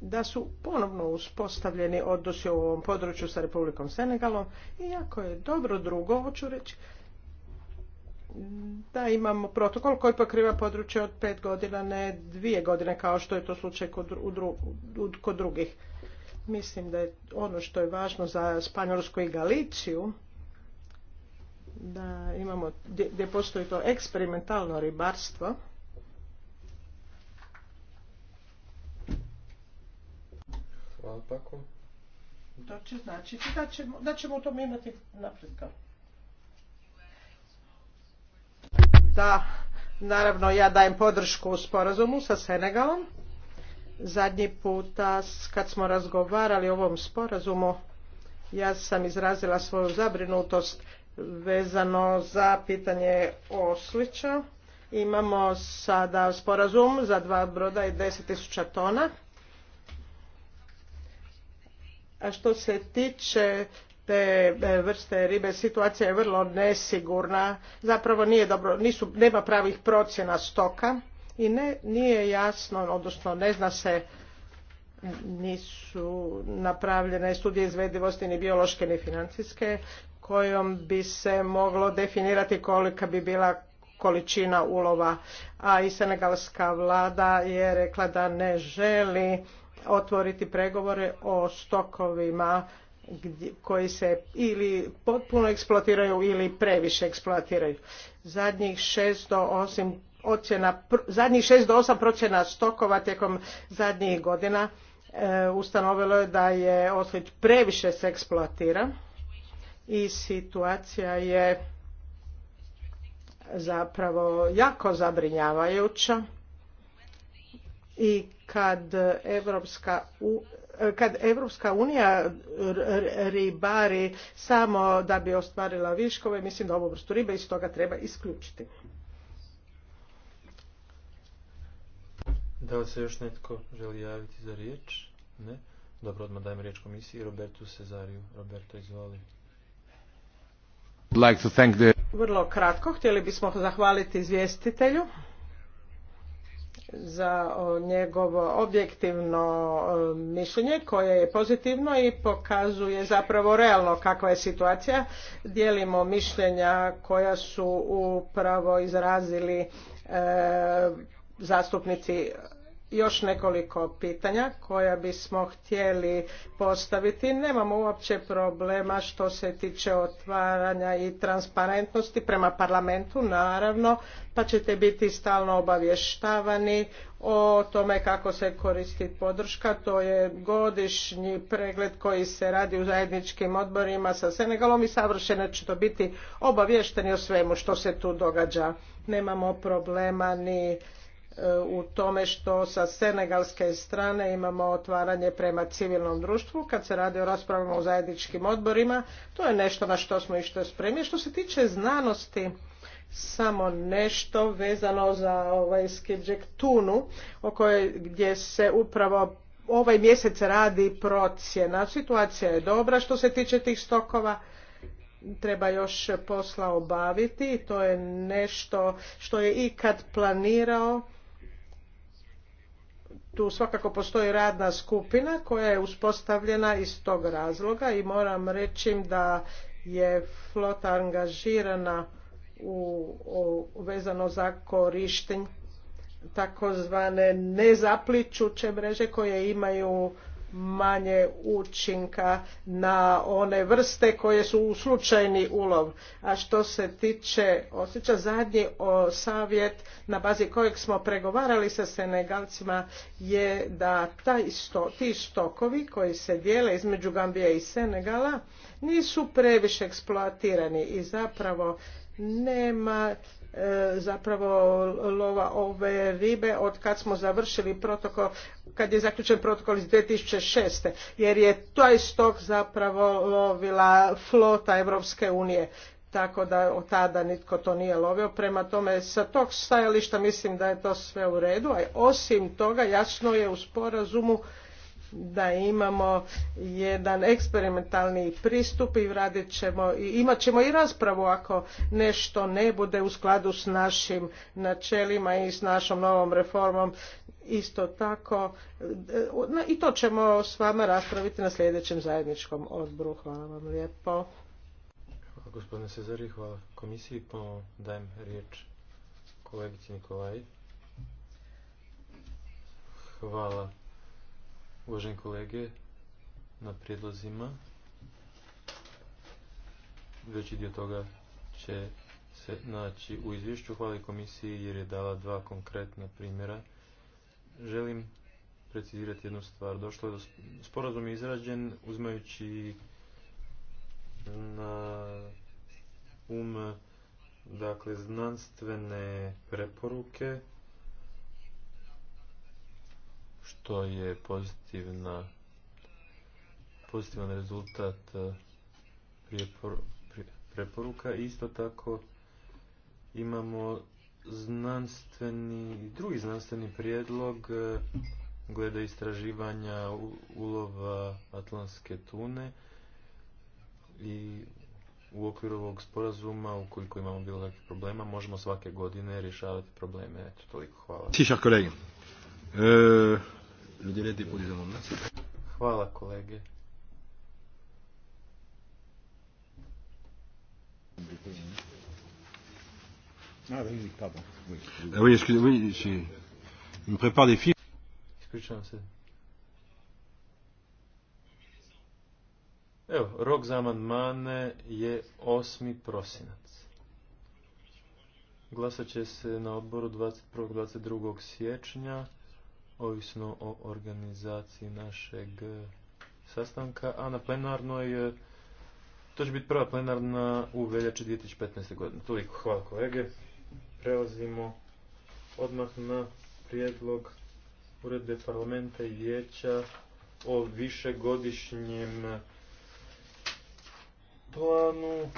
da su ponovno uspostavljeni odnosi u ovom području sa Republikom Senegalom i jako je dobro drugo, hoću reći, da imamo protokol koji pokriva područje od pet godina, ne dvije godine kao što je to slučaj kod, drugih. Mislim da je ono što je važno za Španjolsku i Galiciju, da imamo gdje, postoji to eksperimentalno ribarstvo, Hvala To će značiti da ćemo, da u tom imati napredka. da naravno ja dajem podršku sporazumu sa Senegalom. Zadnji puta kad smo razgovarali o ovom sporazumu ja sam izrazila svoju zabrinutost vezano za pitanje oslića. Imamo sada sporazum za dva broda i 10.000 tona. A što se tiče te e, vrste ribe situacija je vrlo nesigurna zapravo nije dobro, nisu, nema pravih procjena stoka i ne, nije jasno odnosno ne zna se nisu napravljene studije izvedivosti ni biološke ni financijske kojom bi se moglo definirati kolika bi bila količina ulova a i senegalska vlada je rekla da ne želi otvoriti pregovore o stokovima koji se ili potpuno eksploatiraju ili previše eksploatiraju. Zadnjih 6 do 8 ocjena, zadnjih šest do procjena stokova tijekom zadnjih godina e, ustanovilo je da je oslit previše se eksploatira i situacija je zapravo jako zabrinjavajuća i kad Evropska kad europska unija ribari samo da bi ostvarila viškove, mislim da ovu vrstu ribe iz toga treba isključiti. Da li se još netko želi javiti za riječ? Ne. Dobro, odmah dajem riječ komisiji Robertu Cezariju. Roberto, izvoli. Like to thank the... Vrlo kratko, htjeli bismo zahvaliti izvjestitelju za njegovo objektivno e, mišljenje koje je pozitivno i pokazuje zapravo realno kakva je situacija. Dijelimo mišljenja koja su upravo izrazili e, zastupnici još nekoliko pitanja koja bismo htjeli postaviti. Nemamo uopće problema što se tiče otvaranja i transparentnosti prema parlamentu, naravno, pa ćete biti stalno obavještavani o tome kako se koristi podrška. To je godišnji pregled koji se radi u zajedničkim odborima sa Senegalom i savršeno će to biti obavješteni o svemu što se tu događa. Nemamo problema ni u tome što sa senegalske strane imamo otvaranje prema civilnom društvu kad se radi o raspravama u zajedničkim odborima. To je nešto na što smo išto spremni. Što se tiče znanosti, samo nešto vezano za ovaj Skidžek Tunu o kojoj gdje se upravo ovaj mjesec radi procjena. Situacija je dobra što se tiče tih stokova treba još posla obaviti. To je nešto što je ikad planirao tu svakako postoji radna skupina koja je uspostavljena iz tog razloga i moram reći da je flota angažirana u, vezano za korištenje takozvane nezapličuće mreže koje imaju manje učinka na one vrste koje su u slučajni ulov. A što se tiče osjeća zadnji o savjet na bazi kojeg smo pregovarali sa Senegalcima je da taj ti stokovi koji se dijele između Gambije i Senegala nisu previše eksploatirani i zapravo nema E, zapravo lova ove ribe od kad smo završili protokol, kad je zaključen protokol iz 2006. jer je taj stok zapravo lovila flota Europske unije tako da od tada nitko to nije lovio. Prema tome, sa tog stajališta mislim da je to sve u redu, a osim toga jasno je u sporazumu da imamo jedan eksperimentalni pristup i radit ćemo i imat ćemo i raspravu ako nešto ne bude u skladu s našim načelima i s našom novom reformom isto tako e, i to ćemo s vama raspraviti na sljedećem zajedničkom odboru. Hvala vam lijepo. Hvala gospodine Sezari, hvala komisiji. Ponovno dajem riječ kolegici Nikolaj. Hvala uvaženi kolege na prijedlozima. Veći dio toga će se naći u izvješću. Hvala i komisiji jer je dala dva konkretna primjera. Želim precizirati jednu stvar. Došlo je do sporazum je izrađen uzmajući na um dakle znanstvene preporuke što je pozitivna pozitivan rezultat e, preporuka isto tako imamo znanstveni drugi znanstveni prijedlog e, glede istraživanja ulova atlantske tune i u okviru ovog sporazuma ukoliko imamo bilo kakvih problema možemo svake godine rješavati probleme eto toliko hvala le délai de dépôt des amendements. Voilà, collègue. Ah oui, pardon. Oui, e, oui excusez-moi, oui, je... je me prépare des fiches. Est-ce que je rok za amandmane je 8. prosinac. Glasat će se na odboru 21. 22. siječnja ovisno o organizaciji našeg e, sastanka, a na plenarnoj e, to će biti prva plenarna u veljači 2015. godine. Toliko, hvala kolege. Prelazimo odmah na prijedlog uredbe parlamenta i vijeća o višegodišnjem planu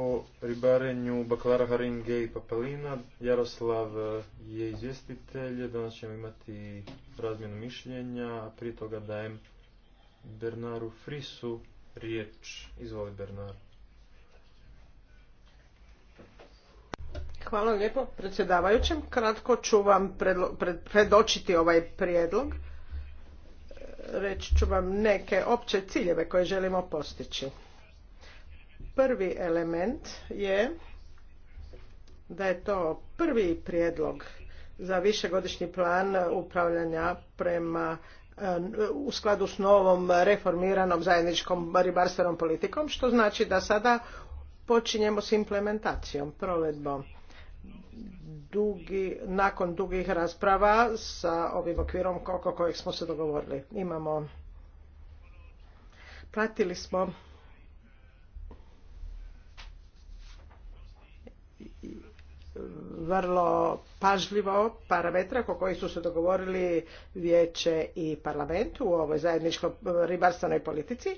o ribarenju baklara haringe i papelina. Jaroslav je izvjestitelj, danas ćemo imati razmjenu mišljenja, a prije toga dajem Bernaru Frisu riječ. Izvoli Bernar. Hvala lijepo predsjedavajućem. Kratko ću vam predočiti ovaj prijedlog. E, reći ću vam neke opće ciljeve koje želimo postići. Prvi element je da je to prvi prijedlog za višegodišnji plan upravljanja prema eh, u skladu s novom reformiranom zajedničkom ribarstvenom politikom, što znači da sada počinjemo s implementacijom, provedbom. Dugi, nakon dugih rasprava sa ovim okvirom oko kojeg smo se dogovorili. Imamo, pratili smo vrlo pažljivo parametra oko koji su se dogovorili vijeće i parlament u ovoj zajedničkoj ribarstvenoj politici.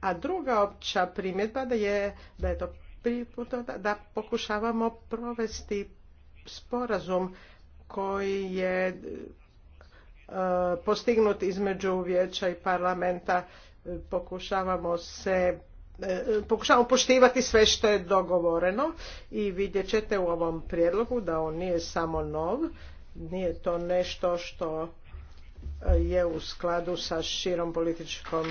A druga opća primjedba da je, da je to put da pokušavamo provesti sporazum koji je e, postignut između vijeća i parlamenta pokušavamo se pokušavamo poštivati sve što je dogovoreno i vidjet ćete u ovom prijedlogu da on nije samo nov, nije to nešto što je u skladu sa širom političkom,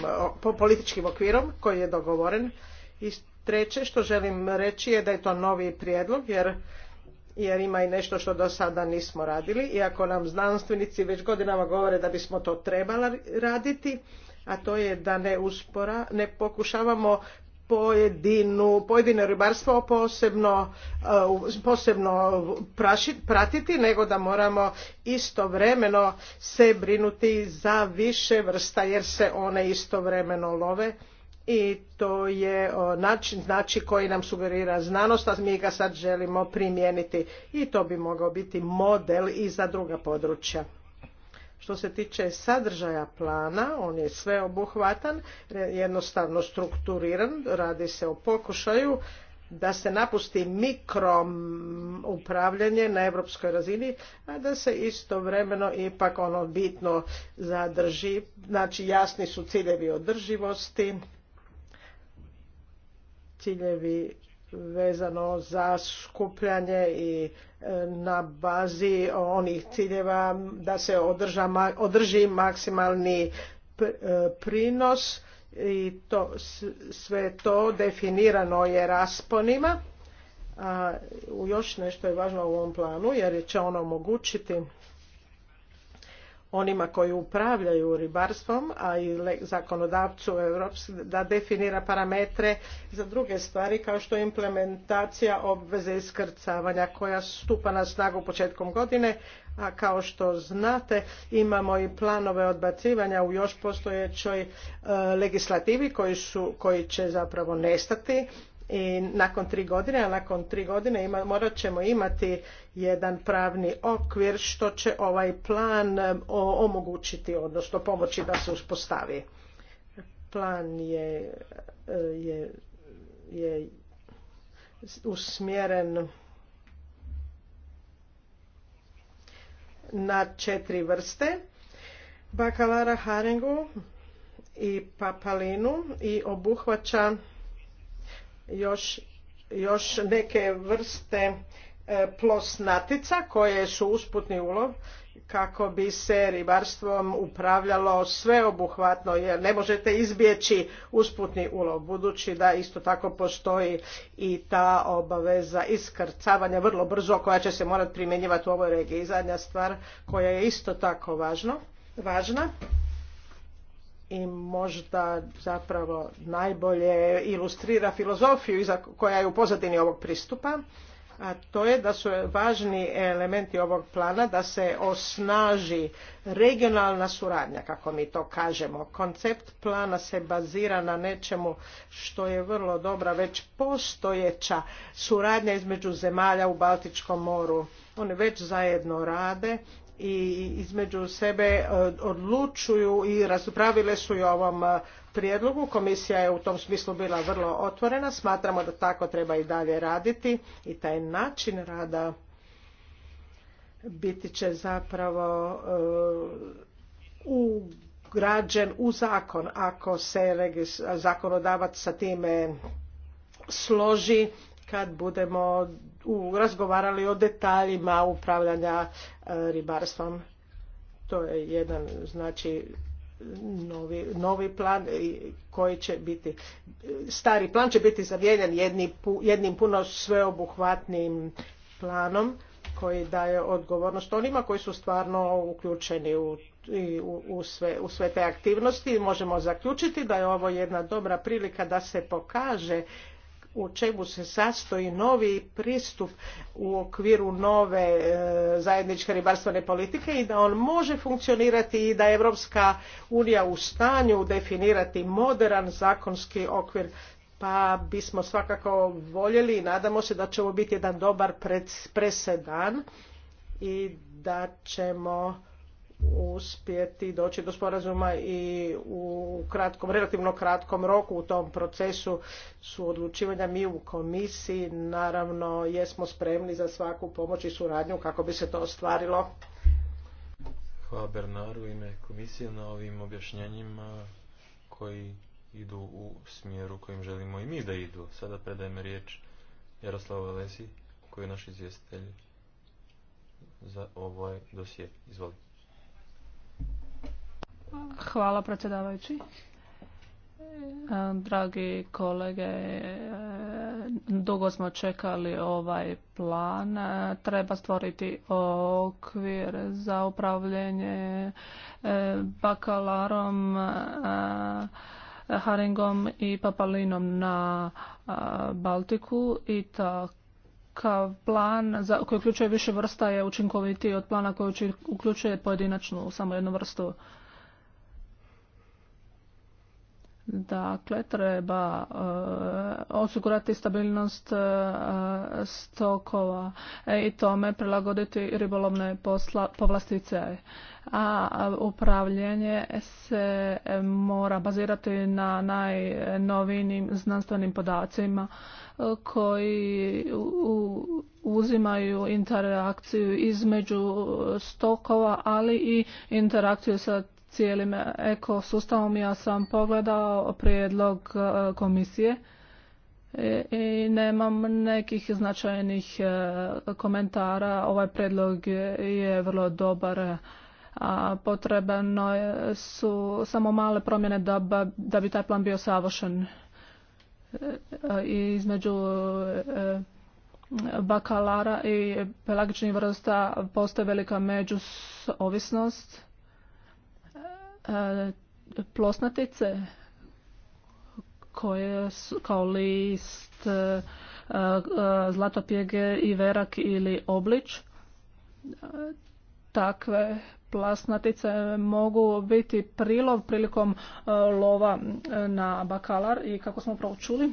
političkim okvirom koji je dogovoren. I treće što želim reći je da je to novi prijedlog jer jer ima i nešto što do sada nismo radili, iako nam znanstvenici već godinama govore da bismo to trebali raditi, a to je da ne, uspora, ne pokušavamo pojedino ribarstvo posebno, uh, posebno pratiti, nego da moramo istovremeno se brinuti za više vrsta jer se one istovremeno love i to je način znači koji nam sugerira znanost, a mi ga sad želimo primijeniti i to bi mogao biti model i za druga područja. Što se tiče sadržaja plana, on je sveobuhvatan, e, jednostavno strukturiran, radi se o pokušaju da se napusti mikro upravljanje na europskoj razini, a da se istovremeno ipak ono bitno zadrži, znači jasni su ciljevi održivosti, ciljevi vezano za skupljanje i e, na bazi onih ciljeva da se održi maksimalni e, prinos i to, sve to definirano je rasponima. A još nešto je važno u ovom planu jer će ono omogućiti onima koji upravljaju ribarstvom, a i zakonodavcu Europske, da definira parametre za druge stvari kao što je implementacija obveze iskrcavanja koja stupa na snagu početkom godine, a kao što znate imamo i planove odbacivanja u još postojećoj e, legislativi koji, koji će zapravo nestati i nakon tri godine, a nakon tri godine morat ćemo imati jedan pravni okvir što će ovaj plan e, omogućiti, odnosno pomoći da se uspostavi. Plan e, je, je usmjeren na četiri vrste. Bakalara, harengu i papalinu i obuhvaća još, još neke vrste e, plosnatica koje su usputni ulov kako bi se ribarstvom upravljalo sveobuhvatno jer ne možete izbjeći usputni ulov budući da isto tako postoji i ta obaveza iskrcavanja vrlo brzo koja će se morati primjenjivati u ovoj regiji. I zadnja stvar koja je isto tako važno, važna i možda zapravo najbolje ilustrira filozofiju koja je u pozadini ovog pristupa, a to je da su važni elementi ovog plana da se osnaži regionalna suradnja, kako mi to kažemo. Koncept plana se bazira na nečemu što je vrlo dobra, već postojeća suradnja između zemalja u Baltičkom moru. Oni već zajedno rade i između sebe e, odlučuju i raspravile su i o ovom e, prijedlogu. Komisija je u tom smislu bila vrlo otvorena. Smatramo da tako treba i dalje raditi i taj način rada biti će zapravo e, ugrađen u zakon ako se zakonodavac sa time složi kad budemo u, razgovarali o detaljima upravljanja e, ribarstvom. To je jedan znači novi, novi plan koji će biti e, stari plan će biti zamijenjen jednim puno sveobuhvatnim planom koji daje odgovornost onima koji su stvarno uključeni u, u, u, sve, u sve te aktivnosti. Možemo zaključiti da je ovo jedna dobra prilika da se pokaže u čemu se sastoji novi pristup u okviru nove e, zajedničke ribarstvene politike i da on može funkcionirati i da je Europska unija u stanju definirati moderan zakonski okvir pa bismo svakako voljeli i nadamo se da će ovo biti jedan dobar presedan i da ćemo uspjeti doći do sporazuma i u kratkom, relativno kratkom roku u tom procesu su odlučivanja mi u komisiji. Naravno, jesmo spremni za svaku pomoć i suradnju kako bi se to ostvarilo. Hvala Bernaru ime komisije na ovim objašnjenjima koji idu u smjeru kojim želimo i mi da idu. Sada predajem riječ Jaroslavu Lesi koji je naš izvjestitelj za ovaj dosje. Izvolite. Hvala predsjedavajući. E, dragi kolege, e, dugo smo čekali ovaj plan. E, treba stvoriti okvir za upravljanje bakalarom, haringom i papalinom na Baltiku i tako plan koji uključuje više vrsta je učinkovitiji od plana koji uključuje pojedinačnu samo jednu vrstu. Dakle, treba eh, osigurati stabilnost eh, stokova eh, i tome prilagoditi ribolovne povlastice. A upravljanje se mora bazirati na najnovijim znanstvenim podacima koji uzimaju interakciju između stokova, ali i interakciju sa cijelim ekosustavom. Ja sam pogledao prijedlog e, komisije e, i nemam nekih značajnih e, komentara. Ovaj prijedlog je vrlo dobar. A potrebno su samo male promjene da, bi taj plan bio savršen. I između bakalara i pelagičnih vrsta postoje velika međusovisnost E, plosnatice koje su kao list e, e, zlatopjege i verak ili oblič takve plasnatice mogu biti prilov prilikom lova na bakalar i kako smo upravo čuli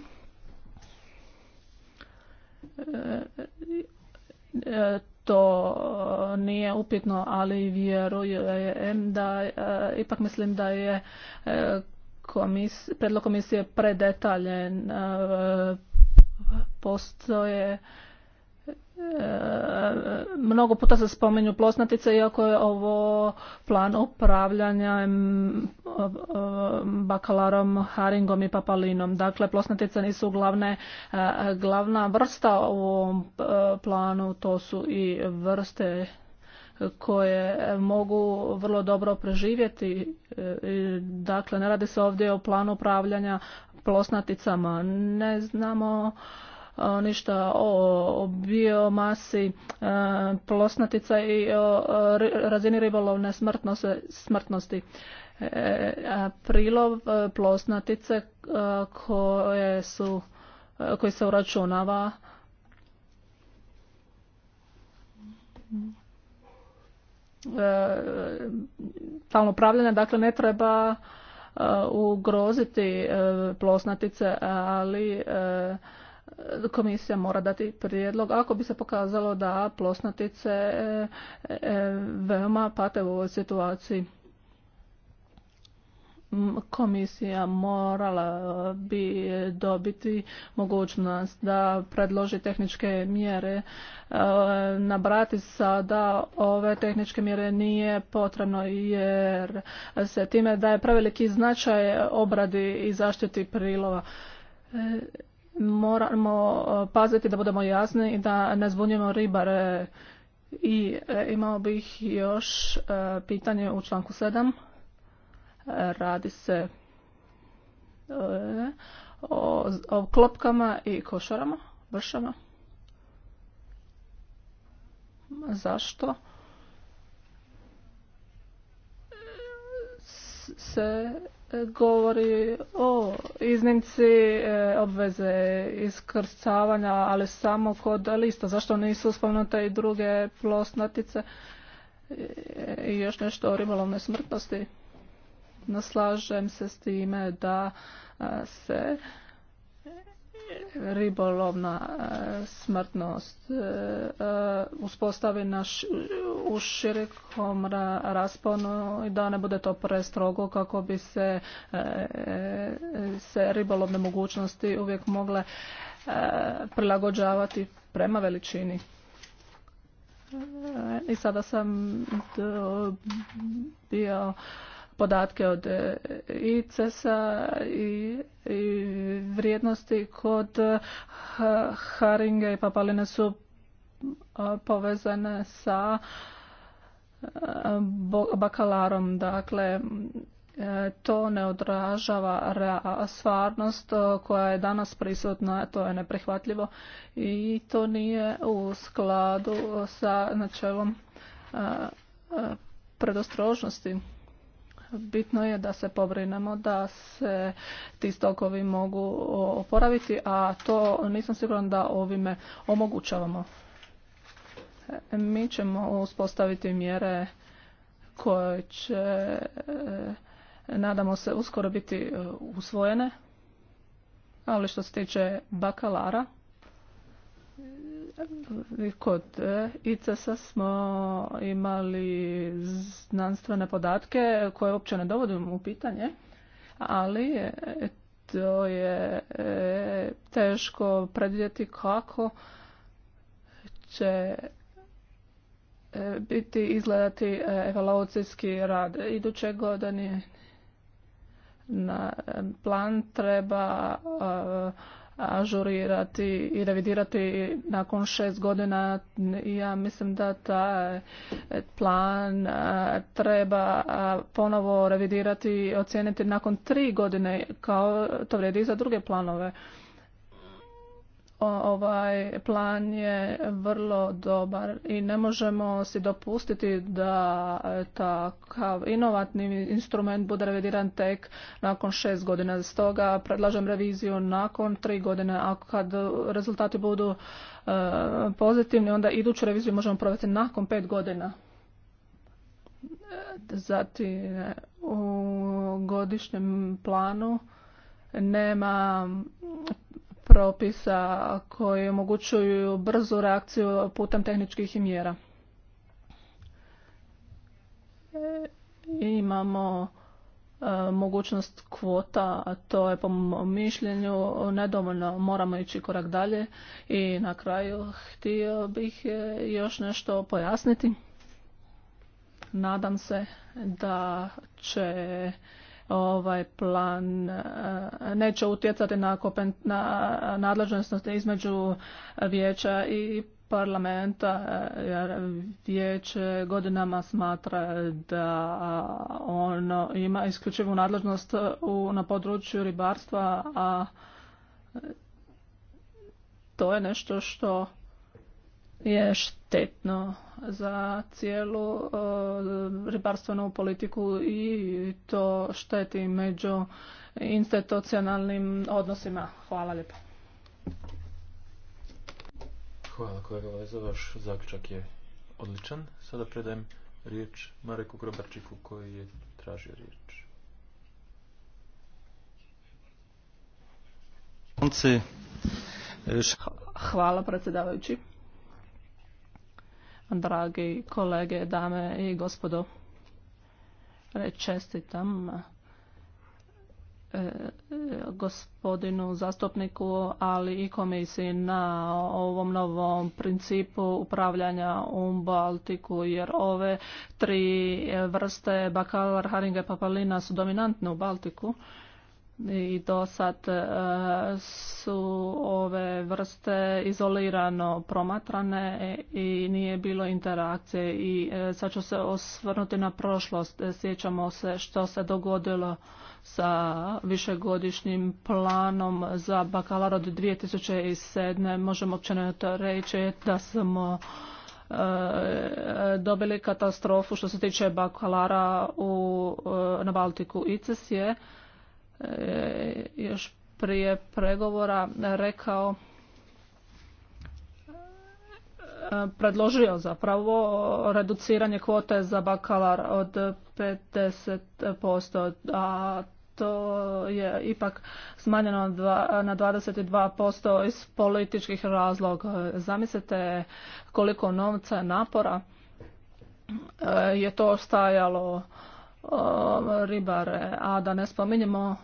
to e, nije upitno, ali vjerujem da e, ipak mislim da je e, komis, predlog komisije predetaljen postoje mnogo puta se spomenju plosnatice iako je ovo plan upravljanja bakalarom, haringom i papalinom. Dakle, plosnatice nisu glavne, glavna vrsta u ovom e, planu, to su i vrste koje mogu vrlo dobro preživjeti. E, dakle, ne radi se ovdje o planu upravljanja plosnaticama. Ne znamo ništa o biomasi plosnatica i o razini ribolovne smrtnosti. E, prilov e, plosnatice e, koje su, koji se uračunava talno upravljanje, dakle ne treba ugroziti plosnatice, ali komisija mora dati prijedlog ako bi se pokazalo da plosnatice e, e, veoma pate u ovoj situaciji mm, komisija morala bi dobiti mogućnost da predloži tehničke mjere e, nabrati sada ove tehničke mjere nije potrebno jer se time daje preveliki značaj obradi i zaštiti prilova moramo e, paziti da budemo jasni i da ne zbunjujemo ribare. I e, imao bih još e, pitanje u članku 7. Radi se o, o klopkama i košarama, vršama. Zašto? se govori o iznimci e, obveze iskrcavanja, ali samo kod lista. Zašto nisu spomenute i druge plosnatice i još nešto o ribolovnoj smrtnosti? Naslažem se s time da se ribolovna e, smrtnost e, e, uspostavi naš u širokom rasponu i da ne bude to prestrogo kako bi se, se ribolovne mogućnosti uvijek mogle prilagođavati prema veličini. I sada sam bio podatke od e, ICES-a i, vrijednosti kod e, Haringe i Papaline su e, povezane sa bakalarom. Dakle, to ne odražava stvarnost koja je danas prisutna, to je neprihvatljivo i to nije u skladu sa načelom predostrožnosti. Bitno je da se pobrinemo da se ti stokovi mogu oporaviti, a to nisam siguran da ovime omogućavamo. E, mi ćemo uspostaviti mjere koje će, e, nadamo se, uskoro biti e, usvojene. Ali što se tiče bakalara, Kod e, ICS-a smo imali znanstvene podatke koje uopće ne dovodim u pitanje, ali e, to je e, teško predvidjeti kako će biti izgledati evaluacijski rad. Iduće godine na plan treba ažurirati i revidirati nakon šest godina. Ja mislim da taj plan e, treba e, ponovo revidirati i ocijeniti nakon tri godine kao to vrijedi i za druge planove ovaj plan je vrlo dobar i ne možemo si dopustiti da e, takav inovatni instrument bude revidiran tek nakon šest godina. Stoga predlažem reviziju nakon tri godine. a kad rezultati budu e, pozitivni, onda iduću reviziju možemo provesti nakon pet godina. Zatim e, u godišnjem planu nema propisa koji omogućuju brzu reakciju putem tehničkih mjera. E, imamo e, mogućnost kvota, a to je po mom mišljenju nedovoljno, moramo ići korak dalje i na kraju htio bih e, još nešto pojasniti. Nadam se da će ovaj plan eh, neće utjecati na, na nadležnost između vijeća i parlamenta eh, jer vijeće godinama smatra da ono ima isključivu nadležnost u, na području ribarstva, a to je nešto što je štetno za cijelu eh, ribarstvenu politiku i to šteti među institucionalnim odnosima. Hvala lijepo. Hvala kolega Leza, vaš zaključak je odličan. Sada predajem riječ Mareku Grobarčiku koji je tražio riječ. Hvala predsjedavajući dragi kolege, dame i gospodo. rečestitam e, gospodinu zastupniku, ali i komisiji na ovom novom principu upravljanja u um Baltiku, jer ove tri vrste bakalar, haringa i papalina su dominantne u Baltiku i do sad e, su ove vrste izolirano promatrane i nije bilo interakcije i e, sad ću se osvrnuti na prošlost. E, sjećamo se što se dogodilo sa višegodišnjim planom za bakalar od 2007. Možemo općenito reći da smo dobili katastrofu što se tiče bakalara u, na Baltiku. ICES je E, još prije pregovora rekao e, predložio zapravo reduciranje kvote za bakalar od 50%, a to je ipak smanjeno na 22% iz političkih razloga. Zamislite koliko novca napora e, je to ostajalo ribare, a da ne spominjemo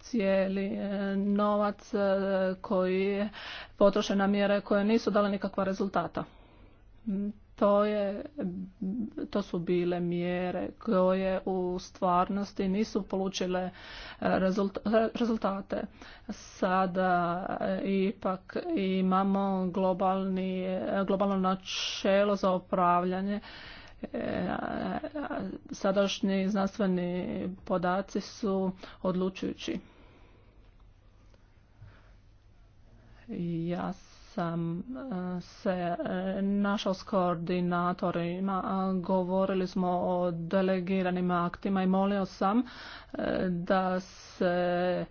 cijeli e, novac e, koji je potrošen na mjere koje nisu dale nikakva rezultata. Mm, to, je, mm, to su bile mjere koje u stvarnosti nisu polučile e, rezultate. Sada ipak imamo globalni, globalno načelo za upravljanje sadašnji znanstveni podaci su odlučujući. Ja sam eh, se eh, našao s koordinatorima, govorili smo o delegiranim aktima i molio sam eh, da se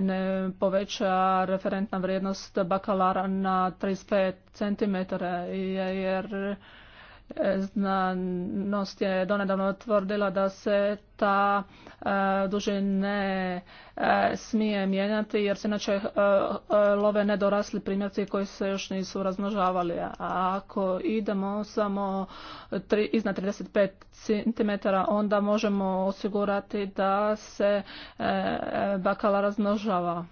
ne poveća referentna vrijednost bakalara na 35 cm jer E, Znanost je donedavno tvrdila da se kvota e, ne e, smije mijenjati jer se inače e, love nedorasli primjerci koji se još nisu razmnožavali. A ako idemo samo tri, iznad 35 cm onda možemo osigurati da se bakala razmnožava.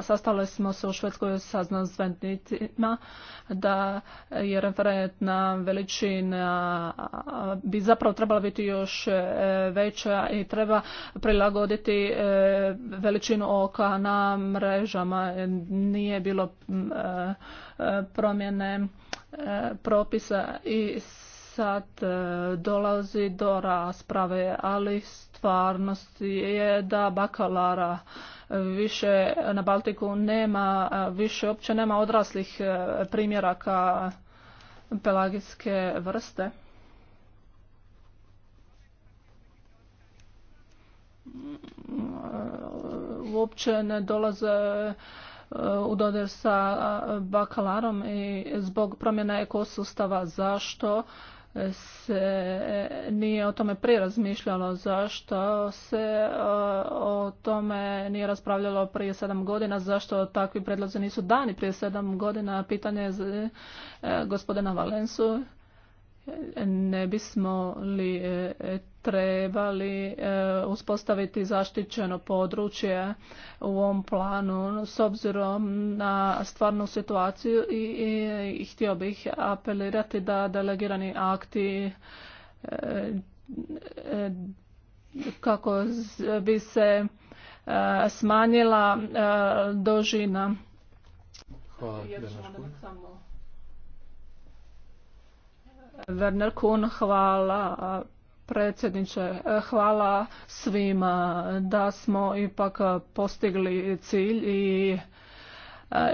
Sastali smo se u Švedskoj sa znanstvenicima da je referentna veličina bi zapravo trebala biti još e, veća i treba prilagoditi e, veličinu oka na mrežama. E, nije bilo promjene propisa i sad dolazi do rasprave, ali stvarnost je da bakalara više na Baltiku nema, više uopće nema odraslih primjeraka pelagijske vrste. Mm, mm, uopće ne dolaze e, u dodir sa bakalarom i zbog promjena ekosustava zašto se nije o tome prije razmišljalo zašto se e, o tome nije raspravljalo prije sedam godina zašto takvi predlozi nisu dani prije sedam godina pitanje e, gospodina Valensu ne bismo li trebali e, uspostaviti zaštićeno područje u ovom planu s obzirom na stvarnu situaciju i, i, htio bih apelirati da delegirani akti e, e, kako bi se smanjila dožina. Hvala. Werner Kuhn, hvala predsjedniče. Hvala svima da smo ipak postigli cilj i,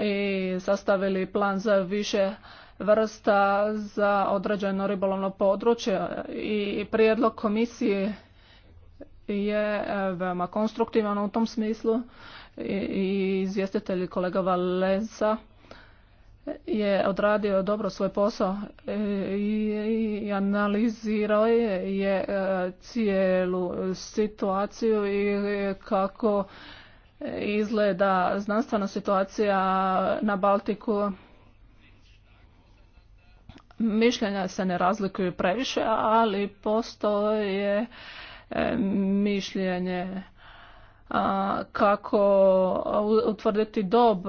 i sastavili plan za više vrsta za određeno ribolovno područje i prijedlog komisije je veoma konstruktivan u tom smislu i izvjestitelj kolega Valensa je odradio dobro svoj posao e, i analizirao je, e, cijelu situaciju i kako izgleda znanstvena situacija na Baltiku. Mišljenja se ne razlikuju previše, ali postoje e, mišljenje kako utvrditi dob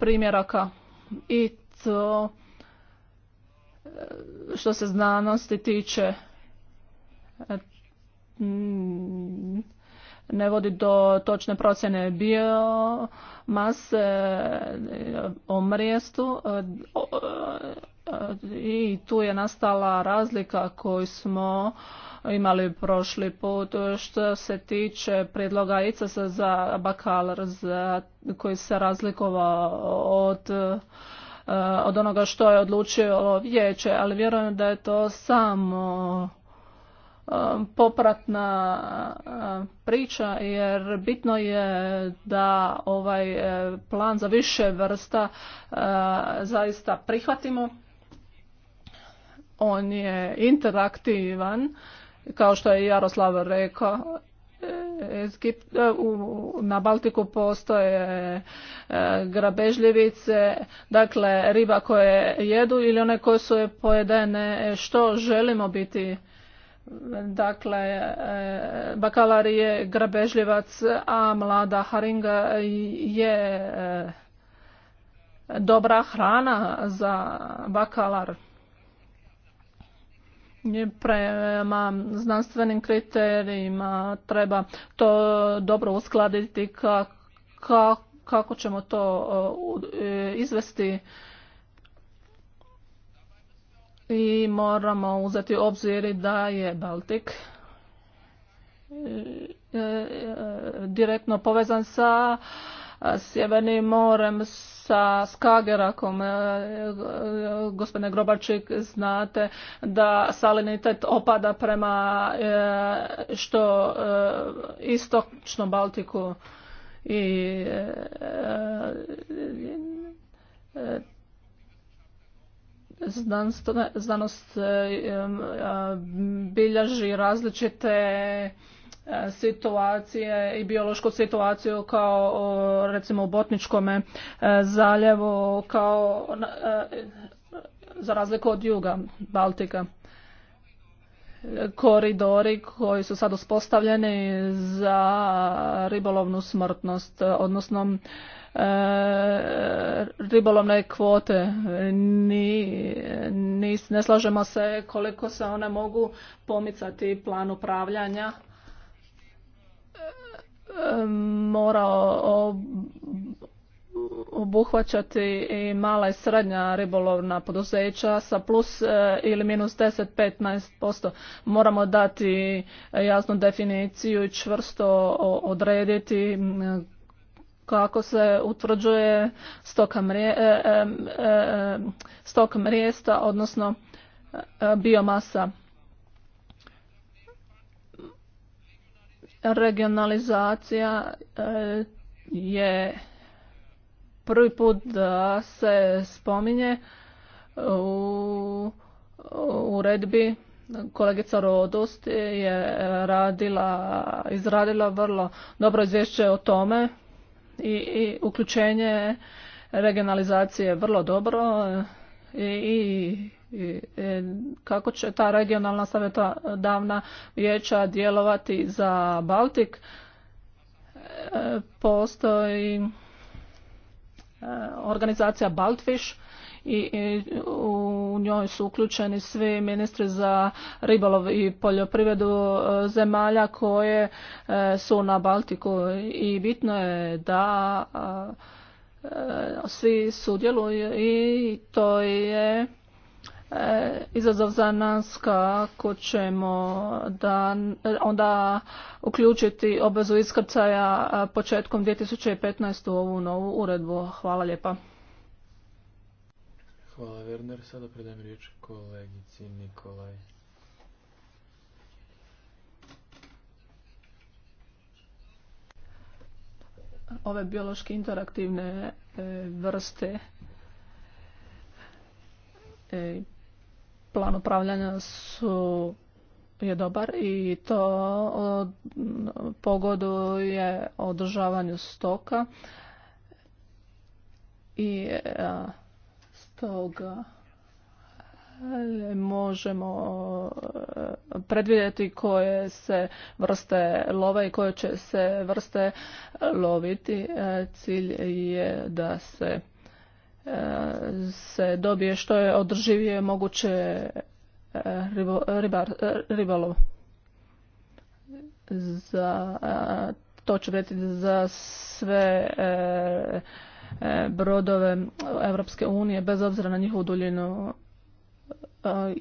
primjeraka i to e, što se znanosti tiče e, ne vodi do točne procjene biomase e, o mrijestu i tu je nastala razlika koju smo imali prošli put. Što se tiče predloga ICS za bakalar koji se razlikovao od eh, od onoga što je odlučio vijeće, ali vjerujem da je to samo eh, popratna eh, priča jer bitno je da ovaj plan za više vrsta zaista prihvatimo. On je interaktivan kao što je Jaroslav rekao, e, e, na Baltiku postoje e, grabežljivice, dakle riba koje jedu ili one koje su pojedene, što želimo biti. Dakle, bakalar je grabežljivac, a mlada haringa je dobra hrana za bakalar prema znanstvenim kriterijima treba to dobro uskladiti kako ćemo to e, izvesti i moramo uzeti obzir da je Baltik e, e, direktno povezan sa Sjevernim morem sa Skagerakom. E, e, gospodine Grobačik, znate da salinitet opada prema e, što istočnom Baltiku i znanost bilježi različite situacije i biološku situaciju kao recimo u Botničkom e, zaljevu kao e, za razliku od juga Baltika koridori koji su sad uspostavljeni za ribolovnu smrtnost, odnosno e, ribolovne kvote. Ni, ne slažemo se koliko se one mogu pomicati plan upravljanja morao obuhvaćati i mala i srednja ribolovna poduzeća sa plus e, ili minus 10-15%. Moramo dati jasnu definiciju i čvrsto odrediti kako se utvrđuje stoka e, e, mrijesta, odnosno biomasa Regionalizacija e, je prvi put da se spominje u uredbi kolegica Rodost je radila, izradila vrlo dobro izvješće o tome i, i uključenje regionalizacije je vrlo dobro i e, kako će ta regionalna savjetodavna vijeća djelovati za Baltik. E, postoji e, organizacija Baltfish i u njoj su uključeni svi ministri za ribolov i poljoprivredu zemalja koje su na Baltiku i bitno je da E, svi sudjeluju i to je e, izazov za nas kako ćemo da onda uključiti obvezu iskrcaja početkom 2015. u ovu novu uredbu. Hvala lijepa. Hvala Werner, sada predajem riječ kolegici Nikolaj. ove biološki interaktivne e, vrste e, plan upravljanja su je dobar i to od, je održavanju stoka i e, stoga možemo e, predvidjeti koje se vrste love i koje će se vrste loviti. E, cilj je da se e, se dobije što je održivije moguće ribar, Za, to će biti za sve brodove Europske unije bez obzira na njihovu duljinu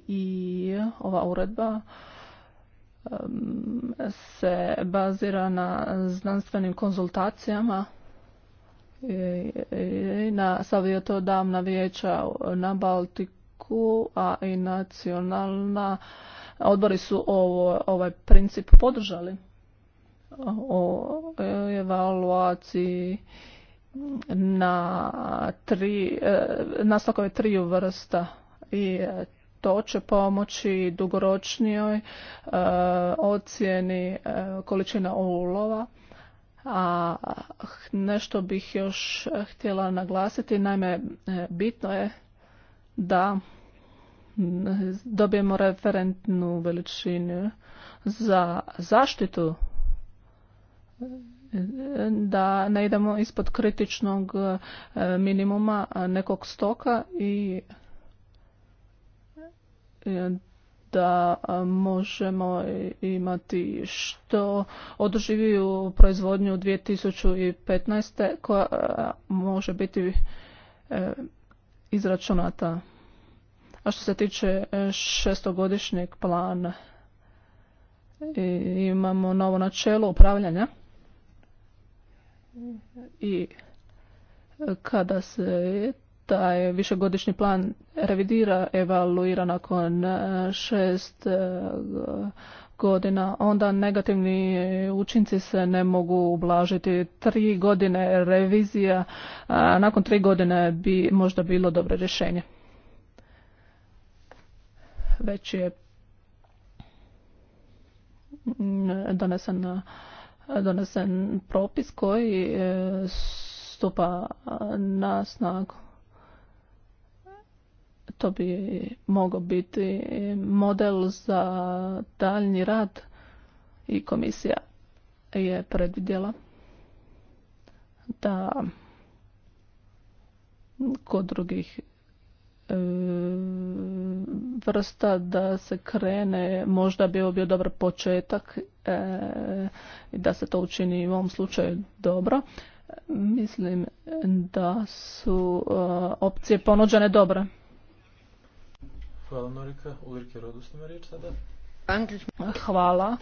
i ova uredba se bazira na znanstvenim konzultacijama i na savjetodavna vijeća na Baltiku, a i nacionalna odbori su ovo, ovaj princip podržali o evaluaciji na tri, e, na triju vrsta i e, to će pomoći dugoročnijoj e, ocjeni e, količina ulova. A nešto bih još htjela naglasiti, naime e, bitno je da dobijemo referentnu veličinu za zaštitu da ne idemo ispod kritičnog minimuma nekog stoka i da možemo imati što održiviju proizvodnju 2015. koja može biti e, izračunata. A što se tiče e, šestogodišnjeg plana, imamo novo načelo upravljanja i e, kada se taj višegodišnji plan revidira, evaluira nakon e, šest e, godina, onda negativni učinci se ne mogu ublažiti. Tri godine revizija, a nakon tri godine bi možda bilo dobro rješenje. Već je mm, donesen, donesen propis koji e, stupa na snagu. To bi mogao biti model za daljnji rad i komisija je predvidjela da kod drugih e, vrsta da se krene, možda bi ovo bio dobar početak e, i da se to učini u ovom slučaju dobro. Mislim da su e, opcije ponuđene dobre. Hvala Norika. Ulrike riječ sada. Hvala.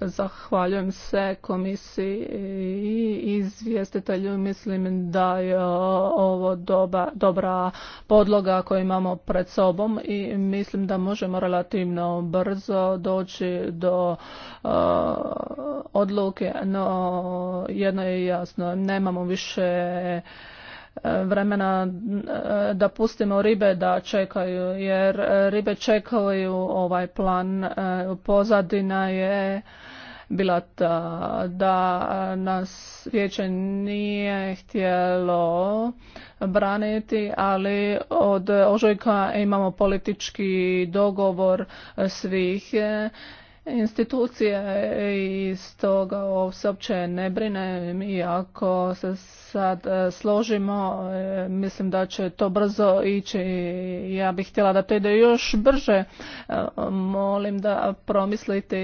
Zahvaljujem se komisiji i izvjestitelju. Mislim da je ovo dobra podloga koju imamo pred sobom i mislim da možemo relativno brzo doći do uh, odluke. No, jedno je jasno, nemamo više vremena e, da pustimo ribe da čekaju jer ribe čekaju ovaj plan e, pozadina je bila ta da nas vijeće nije htjelo braniti, ali od ožujka imamo politički dogovor svih institucije i stoga se uopće ne brine i ako se sad e, složimo e, mislim da će to brzo ići ja bih htjela da to ide još brže e, molim da promislite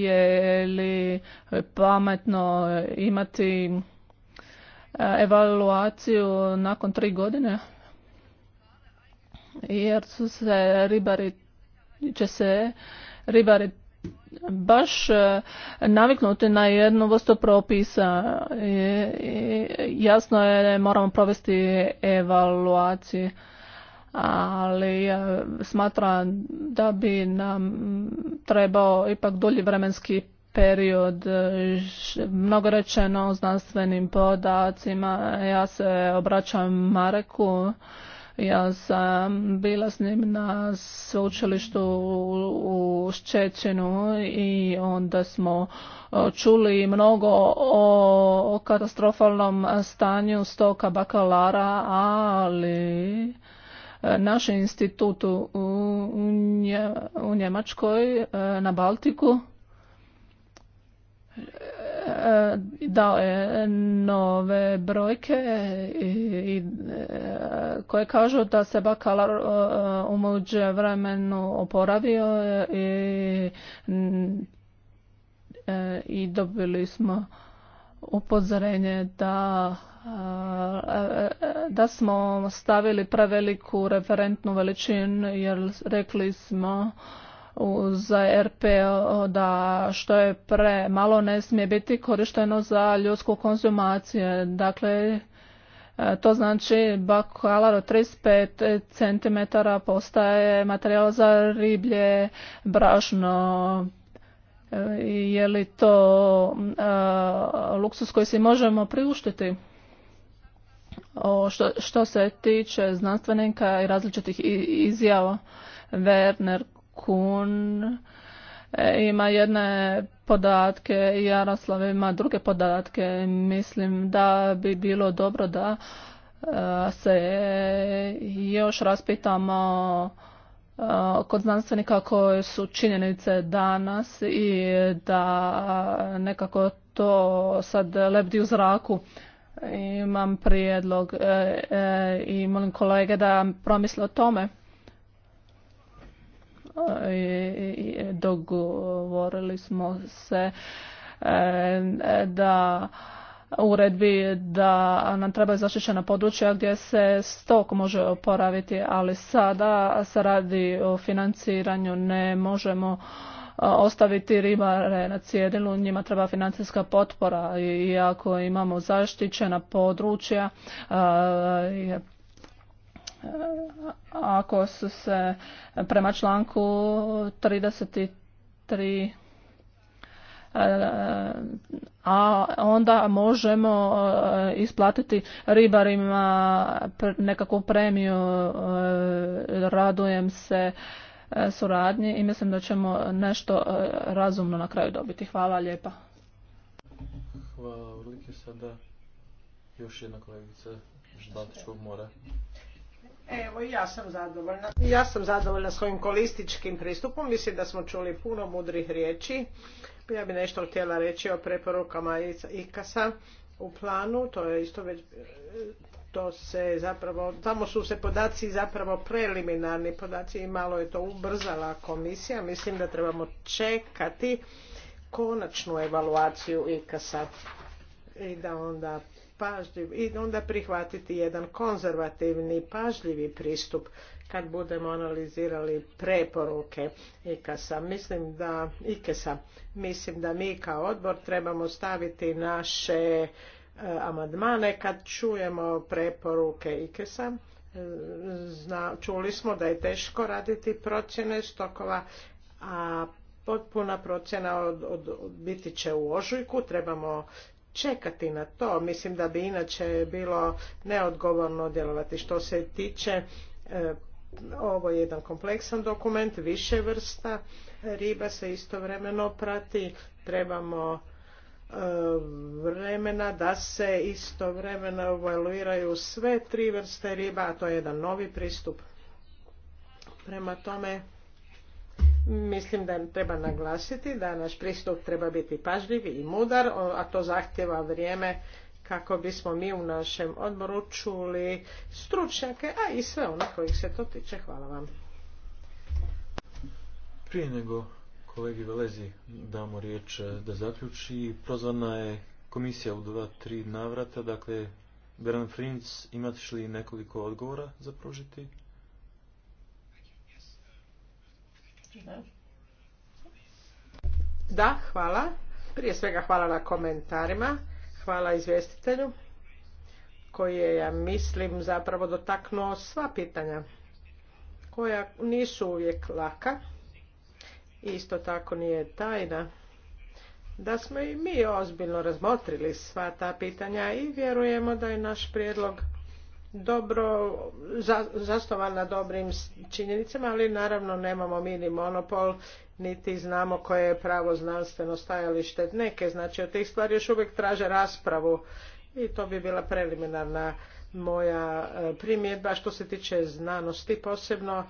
je li pametno imati evaluaciju nakon tri godine jer su se ribari će se ribari baš e, naviknuti na jednu vrstu propisa. Jasno je, da moramo provesti evaluaciju, ali smatram da bi nam trebao ipak dulji vremenski period, e, mnogo rečeno o znanstvenim podacima. Ja se obraćam Mareku ja sam bila s njim na sveučilištu u Ščećinu i onda smo e, čuli mnogo o katastrofalnom stanju stoka bakalara, ali e, naš institut u Njemačkoj e, na Baltiku E, dao je nove brojke i e, koje kažu da se bakalar e, umuđe vremenu oporavio i, i dobili smo upozorenje da da smo stavili preveliku referentnu veličinu jer rekli smo za RPO da što je malo ne smije biti korišteno za ljudsku konzumaciju. Dakle, e, to znači bakalar od 35 cm postaje materijal za riblje, brašno, e, je li to e, luksus koji si možemo priuštiti? O što, što se tiče znanstvenika i različitih izjava, Werner Kun e, ima jedne podatke, Jaroslav ima druge podatke. Mislim da bi bilo dobro da e, se još raspitamo e, kod znanstvenika koje su činjenice danas i da nekako to sad lebdi u zraku. Imam prijedlog i molim kolege da promisle o tome dogovorili smo se e, da uredbi da nam treba zaštićena područja gdje se stok može oporaviti, ali sada se radi o financiranju, ne možemo e, ostaviti ribare na cjedilu, njima treba financijska potpora i ako imamo zaštićena područja e, ako su se prema članku 33 eh, a onda možemo eh, isplatiti ribarima nekakvu premiju eh, radujem se suradnji i mislim da ćemo nešto razumno na kraju dobiti. Hvala lijepa. Hvala, još jedna kolegica mora. Evo, ja sam zadovoljna. Ja sam zadovoljna svojim kolističkim pristupom. Mislim da smo čuli puno mudrih riječi. Ja bi nešto htjela reći o preporukama IKAS-a u planu. To je isto već to se zapravo, tamo su se podaci zapravo preliminarni podaci i malo je to ubrzala komisija. Mislim da trebamo čekati konačnu evaluaciju IKAS-a i da onda pažljiv i onda prihvatiti jedan konzervativni, pažljivi pristup kad budemo analizirali preporuke IKASA. Mislim da, IKESA, mislim da mi kao odbor trebamo staviti naše e, amandmane kad čujemo preporuke IKESA. E, zna, čuli smo da je teško raditi procjene stokova, a potpuna procjena biti će u ožujku, trebamo čekati na to. Mislim da bi inače bilo neodgovorno djelovati. Što se tiče, e, ovo je jedan kompleksan dokument, više vrsta riba se istovremeno prati. Trebamo e, vremena da se istovremeno evaluiraju sve tri vrste riba, a to je jedan novi pristup. Prema tome, Mislim da treba naglasiti da naš pristup treba biti pažljiv i mudar, a to zahtjeva vrijeme kako bismo mi u našem odboru čuli stručnjake, a i sve one kojih se to tiče. Hvala vam. Prije nego kolegi Velezi damo riječ e, da zaključi, prozvana je komisija u dva, tri navrata, dakle, Beran Frinc, imate li nekoliko odgovora za pružiti? Da, hvala. Prije svega hvala na komentarima. Hvala izvjestitelju koji je, ja mislim, zapravo dotaknuo sva pitanja koja nisu uvijek laka. Isto tako nije tajna da smo i mi ozbiljno razmotrili sva ta pitanja i vjerujemo da je naš prijedlog dobro zasnovan na dobrim činjenicama, ali naravno nemamo mi ni monopol, niti znamo koje je pravo znanstveno stajalište neke. Znači od tih stvari još uvijek traže raspravu i to bi bila preliminarna moja e, primjedba što se tiče znanosti posebno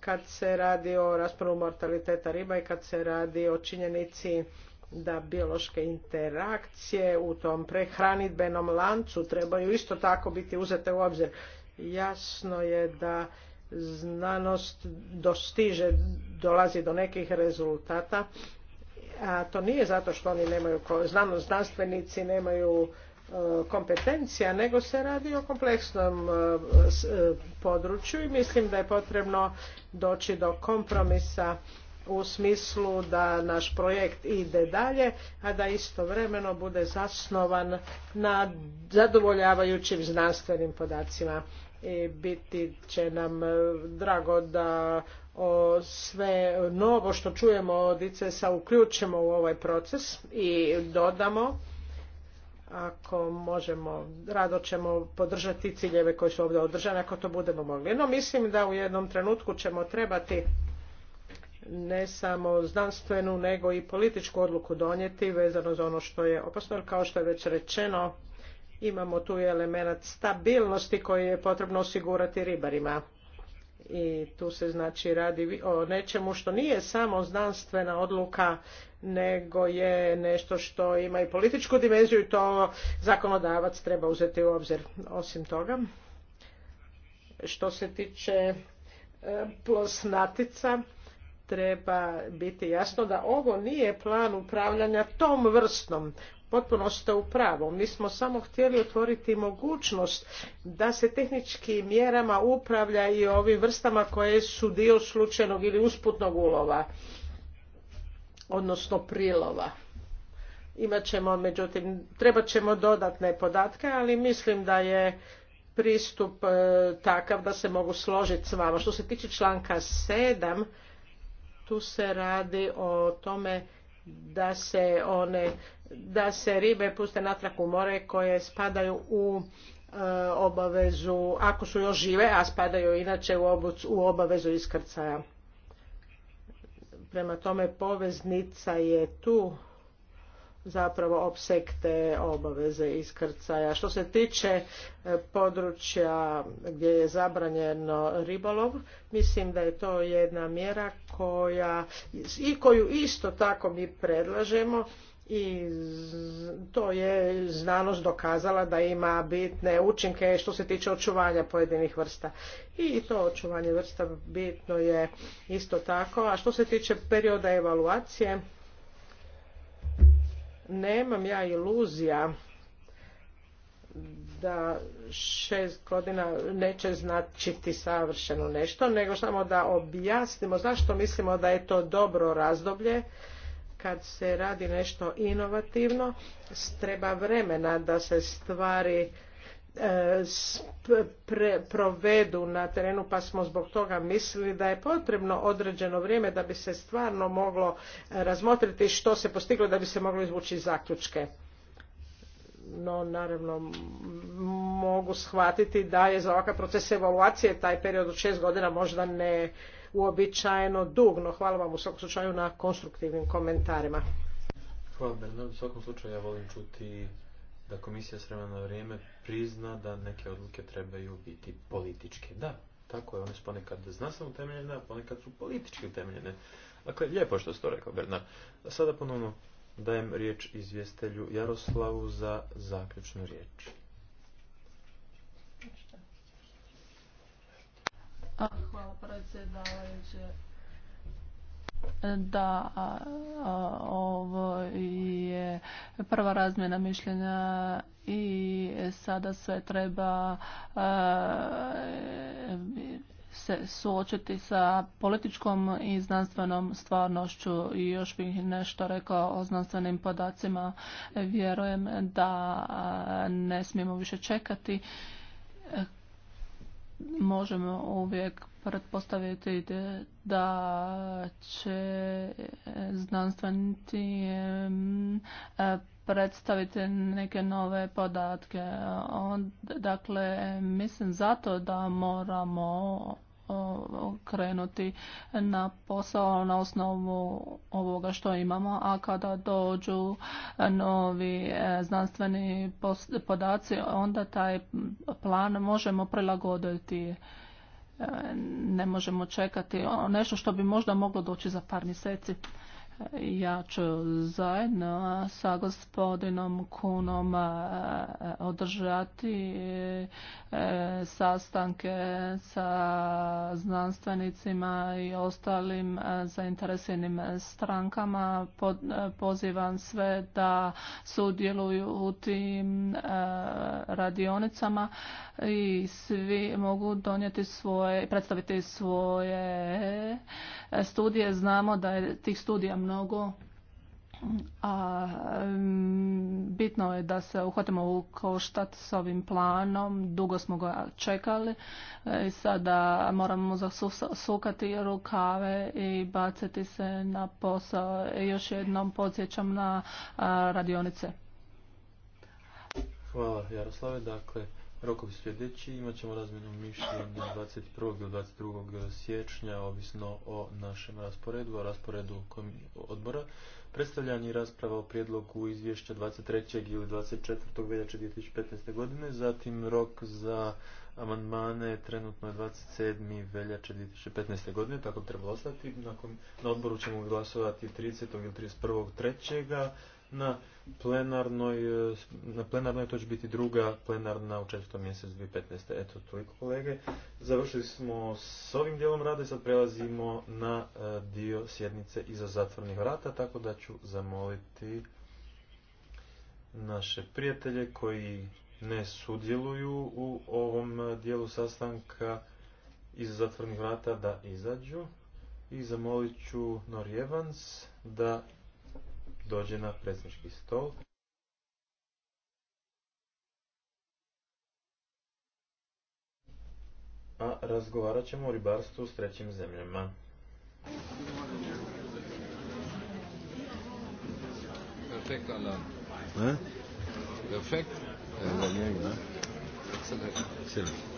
kad se radi o raspravu mortaliteta riba i kad se radi o činjenici da biološke interakcije u tom prehranidbenom lancu trebaju isto tako biti uzete u obzir. Jasno je da znanost dostiže, dolazi do nekih rezultata, a to nije zato što oni nemaju, znanost znanstvenici nemaju e, kompetencija, nego se radi o kompleksnom e, e, području i mislim da je potrebno doći do kompromisa u smislu da naš projekt ide dalje, a da istovremeno bude zasnovan na zadovoljavajućim znanstvenim podacima. I biti će nam e, drago da sve novo što čujemo od ICES-a uključimo u ovaj proces i dodamo ako možemo, rado ćemo podržati ciljeve koje su ovdje održane, ako to budemo mogli. No, mislim da u jednom trenutku ćemo trebati ne samo znanstvenu nego i političku odluku donijeti vezano za ono što je opasno. Kao što je već rečeno, imamo tu element stabilnosti koji je potrebno osigurati ribarima. I tu se znači radi o nečemu što nije samo znanstvena odluka, nego je nešto što ima i političku dimenziju i to zakonodavac treba uzeti u obzir. Osim toga, što se tiče e, plosnatica, treba biti jasno da ovo nije plan upravljanja tom vrstom. Potpuno ste u pravu. Mi smo samo htjeli otvoriti mogućnost da se tehničkim mjerama upravlja i ovim vrstama koje su dio slučajnog ili usputnog ulova, odnosno prilova. Imat međutim, trebat ćemo dodatne podatke, ali mislim da je pristup e, takav da se mogu složiti s vama. Što se tiče članka sedam tu se radi o tome da se one da se ribe puste natrag u more koje spadaju u e, obavezu ako su još žive a spadaju inače u, obuc, u obavezu iskrcaja prema tome poveznica je tu zapravo opsekte te obaveze iskrcaja. Što se tiče e, područja gdje je zabranjeno ribolov, mislim da je to jedna mjera koja i koju isto tako mi predlažemo i to je znanost dokazala da ima bitne učinke što se tiče očuvanja pojedinih vrsta. I to očuvanje vrsta bitno je isto tako. A što se tiče perioda evaluacije, Nemam ja iluzija da šest godina neće značiti savršeno nešto, nego samo da objasnimo zašto mislimo da je to dobro razdoblje kad se radi nešto inovativno, treba vremena da se stvari E, provedu na terenu pa smo zbog toga mislili da je potrebno određeno vrijeme da bi se stvarno moglo razmotriti što se postiglo da bi se moglo izvući zaključke no naravno mogu shvatiti da je za ovakav proces evaluacije taj period od šest godina možda ne uobičajeno dug, no hvala vam u svakom slučaju na konstruktivnim komentarima. Hvala u svakom slučaju ja volim čuti da komisija s vremena na vrijeme prizna da neke odluke trebaju biti političke. Da, tako je, one su ponekad znanstveno utemeljene, a ponekad su politički utemeljene. Dakle, lijepo što ste to rekao, A sada ponovno dajem riječ izvjestelju Jaroslavu za zaključnu riječ. Hvala predsjedavajuće da ovo je prva razmjena mišljenja i sada sve treba se suočiti sa političkom i znanstvenom stvarnošću i još bih nešto rekao o znanstvenim podacima. Vjerujem da ne smijemo više čekati. Možemo uvijek pretpostaviti da će e, znanstvenici e, predstaviti neke nove podatke. Dakle, mislim zato da moramo krenuti na posao na osnovu ovoga što imamo, a kada dođu novi e, znanstveni podaci, onda taj plan možemo prilagoditi ne možemo čekati nešto što bi možda moglo doći za par mjeseci. Ja ću zajedno sa gospodinom Kunom e, održati e, sastanke sa znanstvenicima i ostalim e, zainteresiranim strankama. Pozivam sve da sudjeluju u tim radionicama i svi mogu donijeti svoje, predstaviti svoje studije. Znamo da je tih studija mnogo a mm, bitno je da se uhvatimo u koštat s ovim planom, dugo smo ga čekali e, i sada moramo zasukati rukave i baciti se na posao. E, još jednom podsjećam na radionice. Hvala Jaroslave, dakle Rokovi sljedeći, imat ćemo razmjenu mišljenja 21. do 22. Eh, siječnja, ovisno o našem rasporedu, o rasporedu odbora. Predstavljanje je rasprava o prijedlogu izvješća 23. ili 24. veljače 2015. godine, zatim rok za amandmane trenutno je 27. veljače 2015. godine, tako bi trebalo ostati. na odboru ćemo glasovati 30. ili 31. trećega na plenarnoj, e, na plenarnoj to će biti druga plenarna u četvrtom mjesecu 2015. Eto, toliko kolege. Završili smo s ovim dijelom rada i sad prelazimo na e, dio sjednice iza zatvornih vrata, tako da ću zamoliti naše prijatelje koji ne sudjeluju u ovom e, dijelu sastanka iza zatvornih vrata da izađu i zamolit ću Norjevans da dođe na predsjednički stol. A razgovarat ćemo o ribarstvu s trećim zemljama. Perfekt, Perfekt.